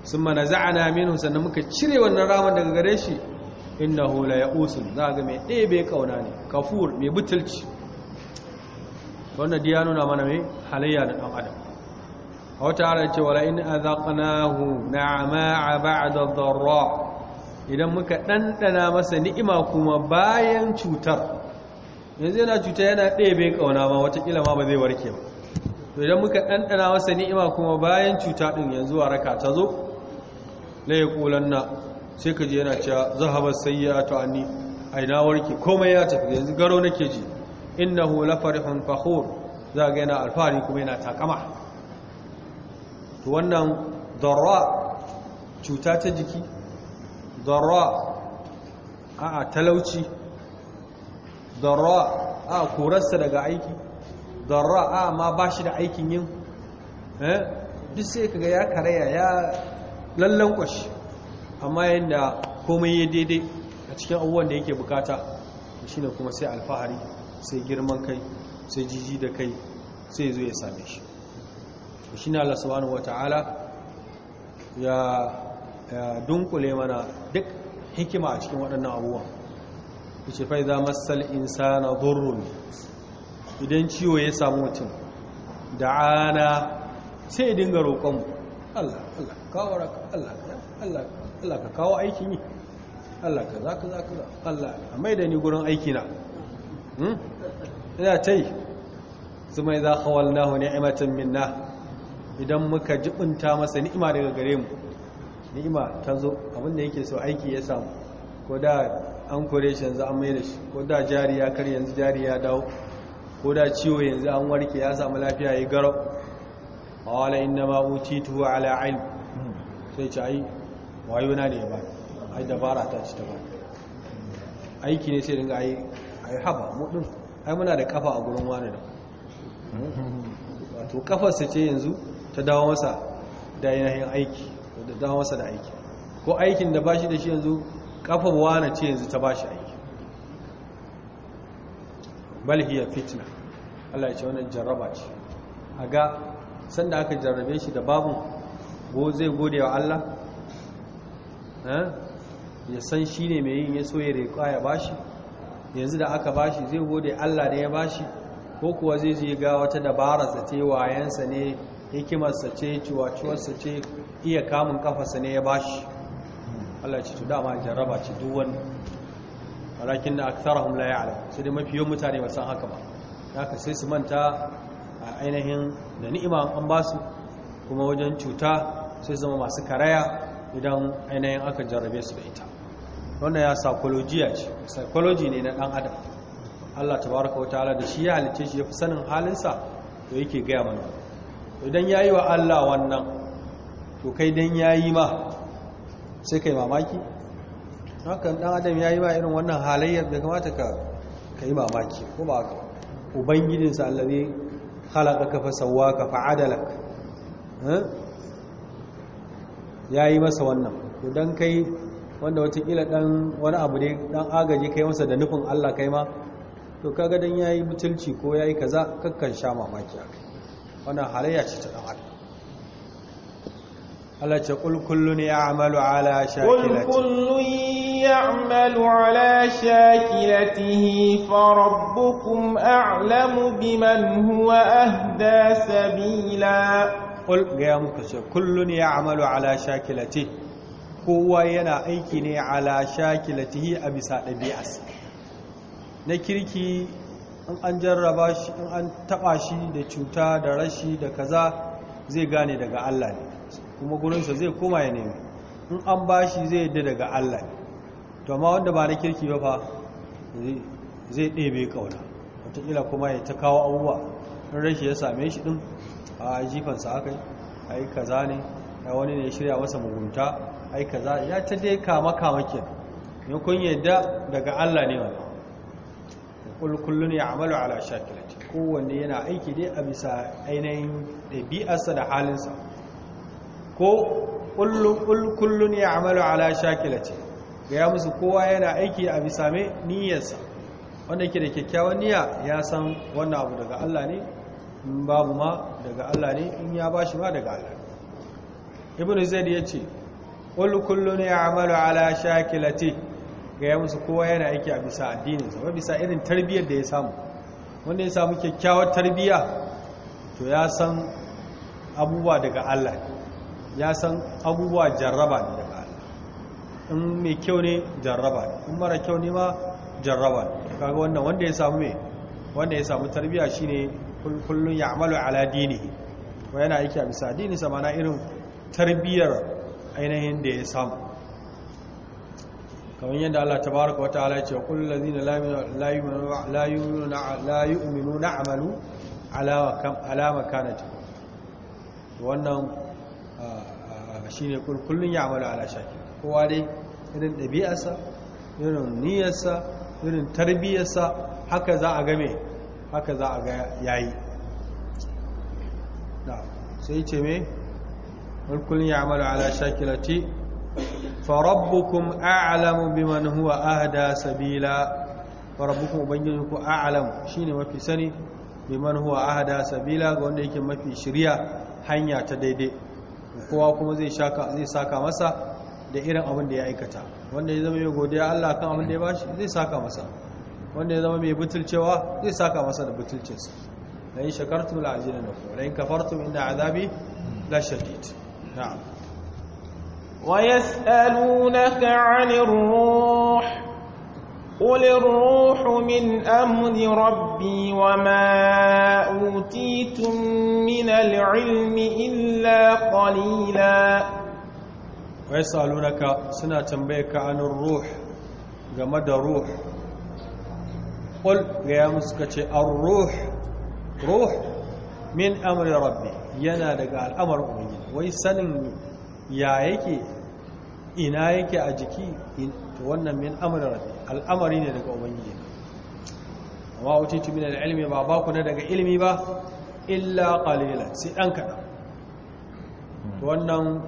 sun mana za'ana minu sannan muka cire wannan rahama daga gare shi innahu la ya'usun za ga mai ɗebe kauna ne kafur mai butulci wannan diya nuna mana mai halayya da ɗan adam a wata hana cewa hu azaqnahu na'ama'a ba'da dharra idan muka ɗanɗana masa ni'ima kuma bayan cutar yanzu yana cuta yana ɗebe kauna ma ƙila ma ba zai warke ba to idan muka ɗanɗana masa ni'ima kuma bayan cuta ɗin yanzu waraka ta zo la yaqulanna sai ka je yana cewa zahabar sayyatu anni aina warke komai ya tafi yanzu garo nake ji innahu la farihun fakhur za ga yana alfahari kuma yana takama to wannan darra cuta ta jiki darra a talauci darra a korarsa daga aiki darra a ma ba shi da aikin yin eh? duk sai ga ya karaya ya lallan kwashi amma yadda komai ya daidai a cikin abubuwan da yake bukata ne kuma sai alfahari sai girman kai sai jiji da kai sai zo ya same shi shi ne Allah subhanahu wata'ala ya dunkule mana duk hikima a cikin waɗannan abubuwan fai za masal insa na dhurrun idan ciwo ya samu mutum da ana sai dinga roƙon Allah Allah ka raka Allah Allah Allah ka kawo aikin yi Allah ka za ka za ka Allah a mai da ni gurin aikina hmm? ina ta yi su mai za kawal na hune imatan minna idan muka jibinta masa ni'ima daga gare mu ni'ima ta zo abinda yake so aiki ya samu ko da an kore shi yanzu an mai da shi ko da jari ya kar yanzu jari ya dawo ko da ciwo yanzu an warke ya samu lafiya ya yi garau a wala inna ma'uti tuwa ala'ain sai ce yi. wayo na ne ya bani ai dabara ta ci ta bani aiki ne sai dinga ai haba mu din ai muna da kafa a gurin wani da wato kafarsa ce yanzu ta dawo masa da yanayin aiki da dawo masa da aiki ko aikin da bashi da shi yanzu kafar wani ce yanzu ta bashi aiki bal hiya fitna Allah ya ce wannan jarraba ce a ga sanda aka jarrabe shi da babu go zai gode wa Allah ya san shi ne mai yin ya so ya reka ya bashi yanzu da aka bashi zai gode allah da ya bashi ko kuwa zai zai ga wata dabara sace wayansa ne hikimarsa ce ciwaciwarsa ce iya kamun kafasa ne ya bashi allah ce to dama jaraba ce duwan wani da da hula ya ala sai dai mafiyon mutane ba san haka ba haka sai su manta a ainihin da ni'ima an ba su kuma wajen cuta sai zama masu karaya idan ainihin aka jarabe su da ita wannan ya psychologiya ce psychology ne na dan adam Allah tabaraka wata ala da shi ya halice shi ya fi sanin halinsa to yake gaya mana idan ya yi wa Allah wannan to kai dan ya yi ma sai kai mamaki hakan dan adam ya yi ma irin wannan halayyar da kamata ka kai yi mamaki ko ba haka Allah ne khalaqaka fa sawwaka fa adalak eh? ya yi masa wannan to don kai wanda watakila dan wani abu ne dan agaji kai masa da nufin allah kai ma to kaga don ya yi mutunci ko ya yi kaza kakkan sha mamaki a kai wannan halayya ce ta dan adam Allah ce kul ya amalu ala shakilatihi kul kullun ya'malu ala shakilatihi fa rabbukum a'lamu biman huwa ahda sabila kul gaya muka ce kullun ya amalu ala shakilati kowa yana aiki ne ala shakilatihi a bisa ɗabi'as na kirki in an jarraba shi in an taɓa shi da cuta da rashi da kaza zai gane daga Allah ne kuma gurinsa zai koma ya nemi in an ba shi zai yadda daga Allah ne to amma wanda ba na kirki ba fa zai ɗebe ƙauna wataƙila kuma ya ta kawo abubuwa in rashi ya same shi ɗin a jifansa aka yi ai kaza ne ya wani ne ya shirya masa mugunta ai kaza ya ta dai kama kama ke ne kun yadda daga Allah ne wannan kul kullun amalu ala shakilati kowanne yana aiki dai a bisa ainihin ɗabi'arsa da halinsa ko kullun kullun amalu ala shakilati ga musu kowa yana aiki a bisa mai niyyarsa wanda ke da kyakkyawan niyya ya san wannan abu daga Allah ne in babu ma daga Allah ne in ya bashi ma daga Allah ibn zaid kullu kullu ne amalu ala shakilati ga ya musu kowa yana aiki a bisa addinin sa bisa irin tarbiyyar da ya samu wanda ya samu kyakkyawar tarbiyya to ya san abubuwa daga Allah ya san abubuwa jarraba ne daga Allah in mai kyau ne jarraba ne in mara kyau ne ma jarraba ne kaga wannan wanda ya samu me wanda ya samu tarbiyya shine ya amalu ala dini, wa yana aiki a bisa dini sama na irin tarbiyyar ainihin da ya samu kamar yadda Allah ta wa ta'ala ya ce qul ladzina la yu'minuna la yu'minuna amalu ala kam ala makanati wannan shine kullun amalu ala shaki, kowa dai irin ɗabi'arsa irin niyyarsa irin tarbiyyarsa haka za a game haka za a ga yayi sai ce me ya ya'malu ala shakilati fa a'alamu a'lamu biman huwa ahda sabila fa ubangijinku a'lamu shine mafi sani biman huwa ahda sabila ga wanda yake mafi shirya hanya ta daidai kowa kuma zai zai saka masa da irin abin da ya aikata wanda ya zama yi godiya Allah kan abin da ya bashi zai saka masa wanda ya zama mai butulcewa zai saka masa da butulcinsa la in shakartum la azidannakum la in kafartum inna azabi la shadid na'am wa yas'alunaka 'anir ruh قل الروح من أمر ربي وما أوتيتم من العلم إلا قليلا ويسألونك سنة تنبيك عن الروح جمد روح ƙul ga ya musu ka ce an ruhu, ruh min amri rabbi yana daga al'amarin ubangiji wai sanin ya yake ina yake a jiki wannan min amri rabbi al'amari ne daga ubangiji amma wuce ci min al'ilmi ba ba ku na daga ilmi ba illa qalila sai dan kaɗan wannan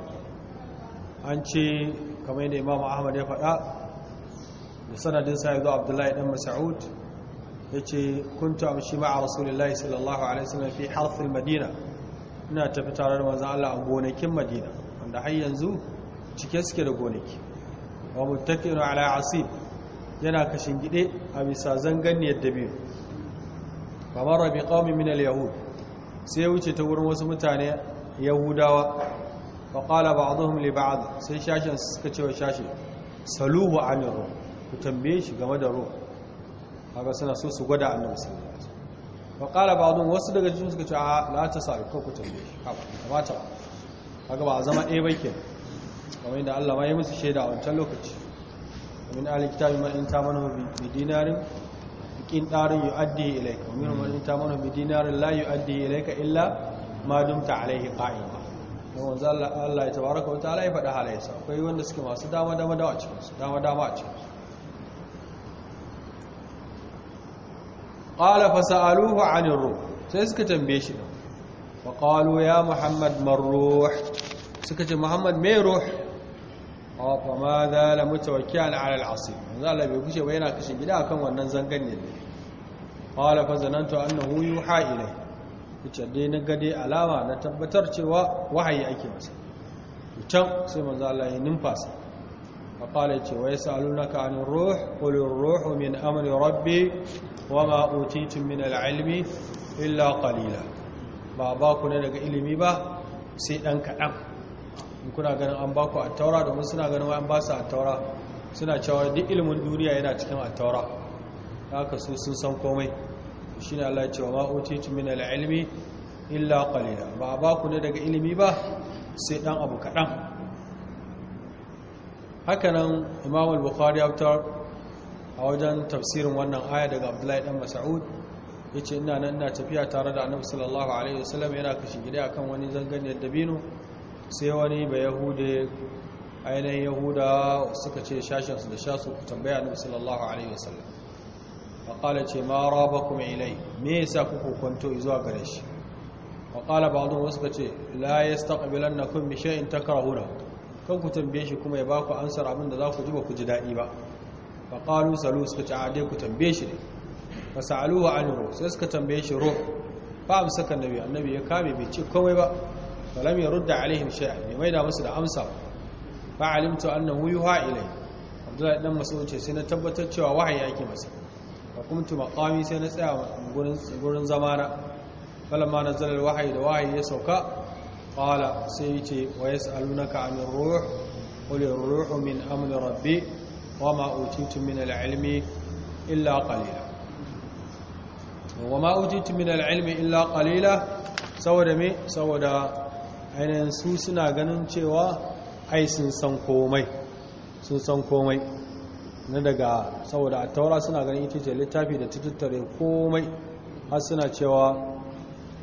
an ce kamar yadda imam ahmad ya faɗa da sanadin sa ya zo abdullahi dan mas'ud yace kuntu amshi ma'a rasulillahi sallallahu alaihi wasallam fi harfil madina ina tafi tare da manzon Allah a gonakin madina wanda har yanzu cike suke da gonaki wa muttaqinu ala asib yana kashin gide a bisa zanganiyar dabiru fa marra bi qaumin min al-yahud sai wuce ta wurin wasu mutane yahudawa fa qala ba'dhum li ba'd sai shashin suka ce wa shashi saluhu anir ku tambaye shi game da ruwa haka suna so su gwada annabi sallallahu alaihi wasallam fa qala ba'dhum wasu daga cikin suka ce a la ta sa'i ko ku tambaye haka kamata ba haka ba a zama ɗaya bai kenan kamar yadda Allah ma ya musu shaida a wancan lokaci min ahli kitabi man in tamanu bi dinarin in darin yu'addi ilayka ilaika minhum man in tamanu bi dinarin la yu'addi ilayka illa ma dumta alaihi qa'ima don wanzu Allah ya tabaraka wa ta'ala ya faɗa halayensa akwai wanda suke masu dama dama dama a cikinsu dama dama a cikinsu qala fasaluhu anir ruh sai suka tambaye shi fa qalu ya muhammad mar suka ce muhammad me ruh a fa ma zala mutawakkilan ala al-asir manzo Allah bai kushe ba yana kashe gida akan wannan zangan ne qala fa zanantu annahu yuha ilayhi wuce dai na gade alama na tabbatar cewa wahayi ake masa can sai manzo Allah ya numfasa فقال ويسألونك عن الروح قل الروح من أمر ربي وما أوتيتم من العلم إلا قليلا باباكو ندق إلمي با سيئن كأم kuna ganin an baku a taura domin suna ganin an ba su a taura suna cewa duk ilimin duniya yana cikin a taura haka su sun san komai shi ne Allah cewa ma'otitu min al'ilmi illa qalila ba ba ku ne daga ilimi ba sai dan abu kaɗan hakanan imam al-bukhari ya fitar a wajen tafsirin wannan aya daga abdullahi dan mas'ud yace ina nan ina tafiya tare da annabi sallallahu alaihi wasallam yana kashi gida akan wani zanganiyar dabino sai wani ba yahude ainihin yahuda suka ce shashin su da shasu ku tambaya annabi sallallahu alaihi wasallam faqala ce ma rabakum ilai me yasa kuku kwanto zuwa gare shi faqala ba'dhum wasu ka ce la yastaqbilannakum bi shay'in takrahuna kan ku tambaye shi kuma ya ba ku ansar abin da za ku ji ba ku ji daɗi ba fa qalu salu suka ci a dai ku tambaye shi ne fa sa'aluhu anhu sai suka tambaye shi ruh fa amsaka nabi annabi ya kame bai ce komai ba ya yarudda alaihim shay'a bai maida musu da amsa fa alimtu annahu yuha ilai abdullahi dan mas'ud ce sai na tabbatar cewa wahayi yake masa fa kumtu maqami sai na tsaya gurin gurin zamana falamma nazala alwahyi da wahayi ya sauka qala sai ce wa yas'alunaka 'anil ruh qul ruhu min amri rabbi wama utitu min al'ilmi illa illa qalila wama utitu min al'ilmi illa qalila saboda me saboda ainihin su suna ganin cewa ai sun san komai sun san komai na daga saboda a taura suna ganin ita ce littafi da ta tattare komai har suna cewa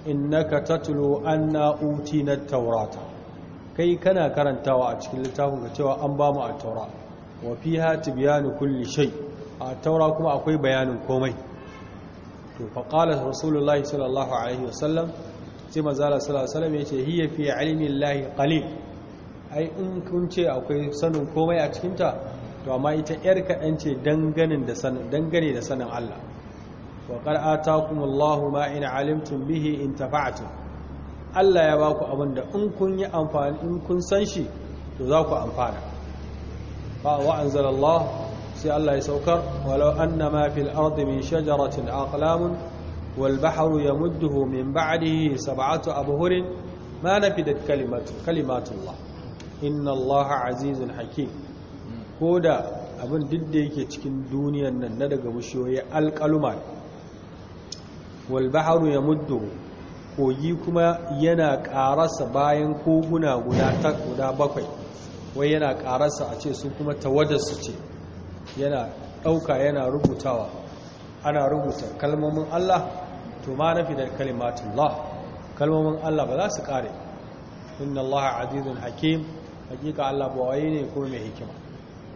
innaka tatlu anna utina na taurata kai kana karantawa a cikin littafin ka cewa an ba mu at-taura wa fiha tibyanu kulli shay a taura kuma akwai bayanin komai to fa qala rasulullahi sallallahu alaihi wasallam sai manzo Allah sallallahu alaihi wasallam yace hiya fi ilmi llahi qalil ai in kun ce akwai sanin komai a cikinta, to amma ita yar kadan ce dangane da sanin Allah وقد آتاكم الله ما إن علمتم bihi in تفعتم Allah ya ba ku abin da in kun yi amfani in kun san shi to za ku amfana fa wa anzalallah sai Allah ya saukar walau annama fil ardi min shajaratin aqlamun wal ya yamudduhu min ba'adihi sab'atu abhurin ma da kalimatu kalimatullah inna Allah azizun hakim da abin duk da yake cikin duniyar nan na daga bushiyoyi alqaluma walbaharu ya muddu kogi kuma yana ƙarasa bayan koguna guda guda bakwai wai yana ƙararsa a ce su kuma tawadarsu ce yana ɗauka yana rubutawa ana rubuta kalmomin Allah to ma nafi da kalimatullah kalmomin Allah ba za su ƙare inna Allah azizun hakim hakika Allah bawaye ne ko mai hikima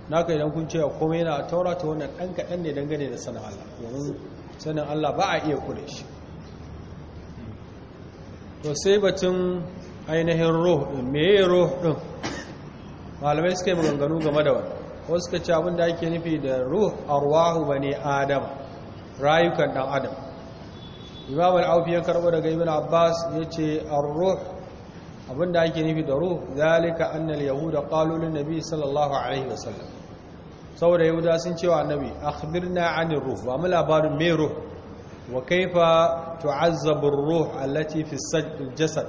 naka idan kun ce komai yana taurata wannan ɗan kaɗan ne dangane da sana'a. Allah sanin Allah ba a iya kure shi to sai batun ainihin roh ɗin meye roh ɗin malamai suka yi maganganu game da wani ko suka ci abin da ake nufi da ruh arwahu ne adam rayukan ɗan adam imam al'aufi ya karɓo daga ibn abbas ya ce arruh abin da ake nufi da roh zalika annal yahuda qalulun nabi sallallahu alaihi wasallam saboda yahuda sun cewa annabi na anir ruh ba mu labarin me ruh wa kaifa tu'azzabu ruh allati fi jasad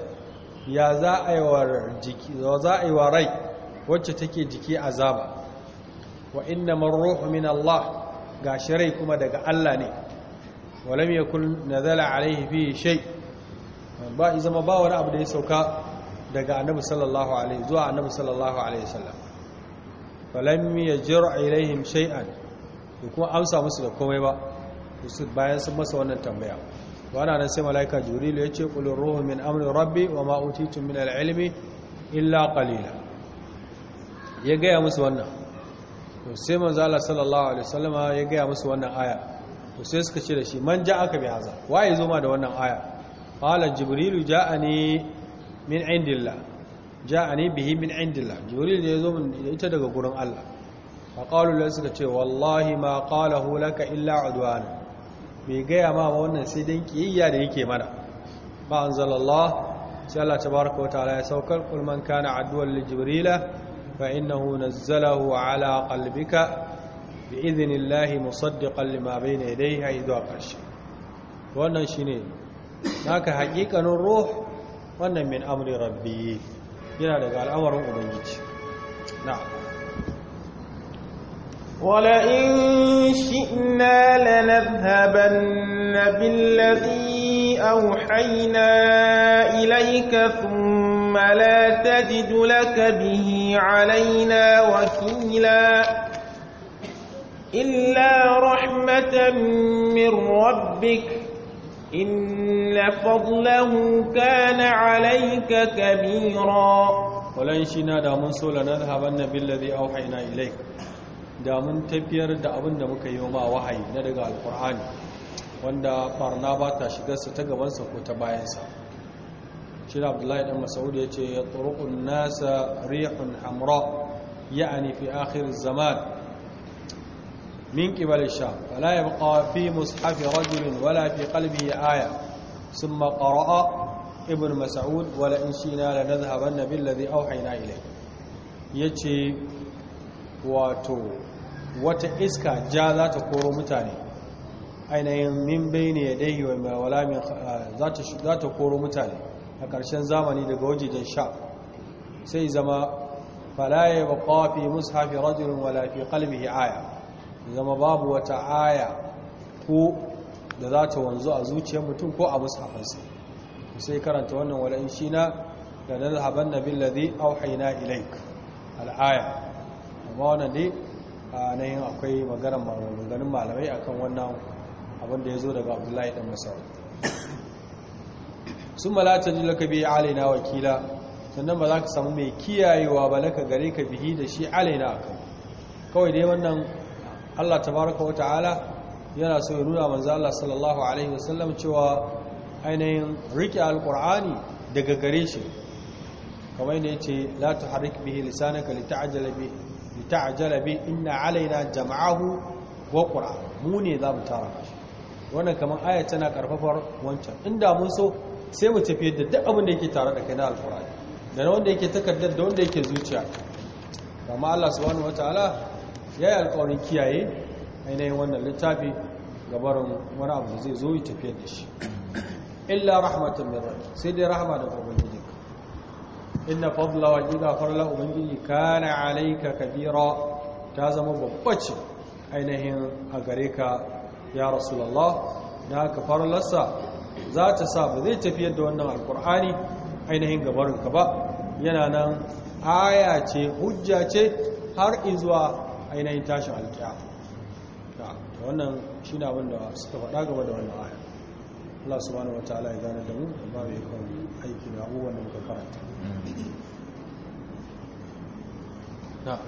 ya za a yi wa jiki za a yi wa rai wacce take jiki azaba wa innamar ruh min Allah gashi rai kuma daga Allah ne walam yakul nazala Alayhi fi shay ba zama ba wani abu da ya sauka daga annabi sallallahu alaihi zuwa annabi sallallahu alaihi wasallam ya falam yajir ilaihim shay'an da kuma amsa musu da komai ba su bayan sun masa wannan tambaya wana nan sai malaika jibril ya ce qul ruhu min amurin rabbi wa ma utitum min al'ilmi illa ƙalila. ya gaya musu wannan to sai manzo Allah sallallahu alaihi wasallama ya gaya musu wannan aya to sai suka ce da shi man ja aka bi haza waye zo ma da wannan aya qala jibril ja'ani min indillah ja'ani bihi min indillah jibril ne yazo min ita daga gurin Allah fa qalu la suka ce wallahi ma qalahu laka illa udwana bai gaya ma wannan sai dan kiyayya da yake mana ba anzalallah sai Allah tabaaraka wa ta'ala ya saukar kul man kana addu'an li jibrila fa innahu nazzalahu ala qalbika bi idhnillahi musaddiqan lima bayna yadayhi idza qarsha wannan shine haka haqiqanin ruh wannan min amri rabbi yana daga al'amarin ubangiji na'am ولئن شئنا لنذهبن بالذي أوحينا إليك ثم لا تجد لك به علينا وكيلا إلا رحمة من ربك inna fadlahu kana alayka kabira walan shi na damun mun so lanar haban na billazi auhaina ilai da mun tafiyar da abin da muka yi ma wahayi na daga alkur'ani wanda barna ba ta sa ta gabansa ko ta bayansa shi da abdullahi dan masaud ya ce ya turuqun nasa rihun hamra ya'ani fi akhir zaman من قبل الشام فلا يبقى في مصحف رجل ولا في قلبه آية ثم قرأ ابن مسعود ولئن شئنا لنذهبن بالذي أوحينا إليه يجي واتو وات إسكا جاذا تقول متاني أين من بين يديه وما ولا من آه، ذات خ... ذات تقول متاني أكرشن زمني لجوجي جنشا سيزما فلا يبقى في مصحف رجل ولا في قلبه آية zama babu wata aya ko da za ta wanzu a zuciyar mutum ko a musafansa sai karanta wannan wala'in shi na da na na bin lade auhaina ilaik al'aya amma wannan ne a nayin akwai maganar ganin malamai akan wannan abin da ya zo daga abdullahi dan masau sun malata ji laka biya alaina wakila sannan ba za ka samu mai kiyayewa ba laka gare ka bihi da shi alaina kawai dai wannan Allah tabaraka wa ta'ala yana so ya nuna manzo Allah sallallahu alaihi wasallam cewa ainihin rike alqur'ani daga gare shi kamar ne yace la tuharrik bihi lisanaka lita'jala bi lita'jala bi inna alaina jam'ahu wa qur'an mu ne za mu tara shi wannan kamar aya tana karfafar wancan inda mun so sai mu tafi da duk abin da yake tare da kai na alqur'ani da wanda yake takardar da wanda yake zuciya amma Allah subhanahu ta'ala. ya yi alkawarin kiyaye ainihin wannan littafi gabarin wani abu da zai zo yi tafiya da shi illa rahmatan min rabbi sai dai rahama daga ubangiji inna fadla wa jida farla ubangiji kana alayka kabira ta zama babbace ainihin a gare ka ya rasulallah da ka farlarsa za ta sa ba zai tafiyar da wannan alkur'ani ainihin gabarinka ba yana nan aya ce hujja ce har izuwa ainihin tashin alkiya da wannan shi da abin da suka faɗa gaba da wannan aya Allah subhanahu wa ta'ala ya zane da mu da ba mai kan aiki na abubuwan da muka karanta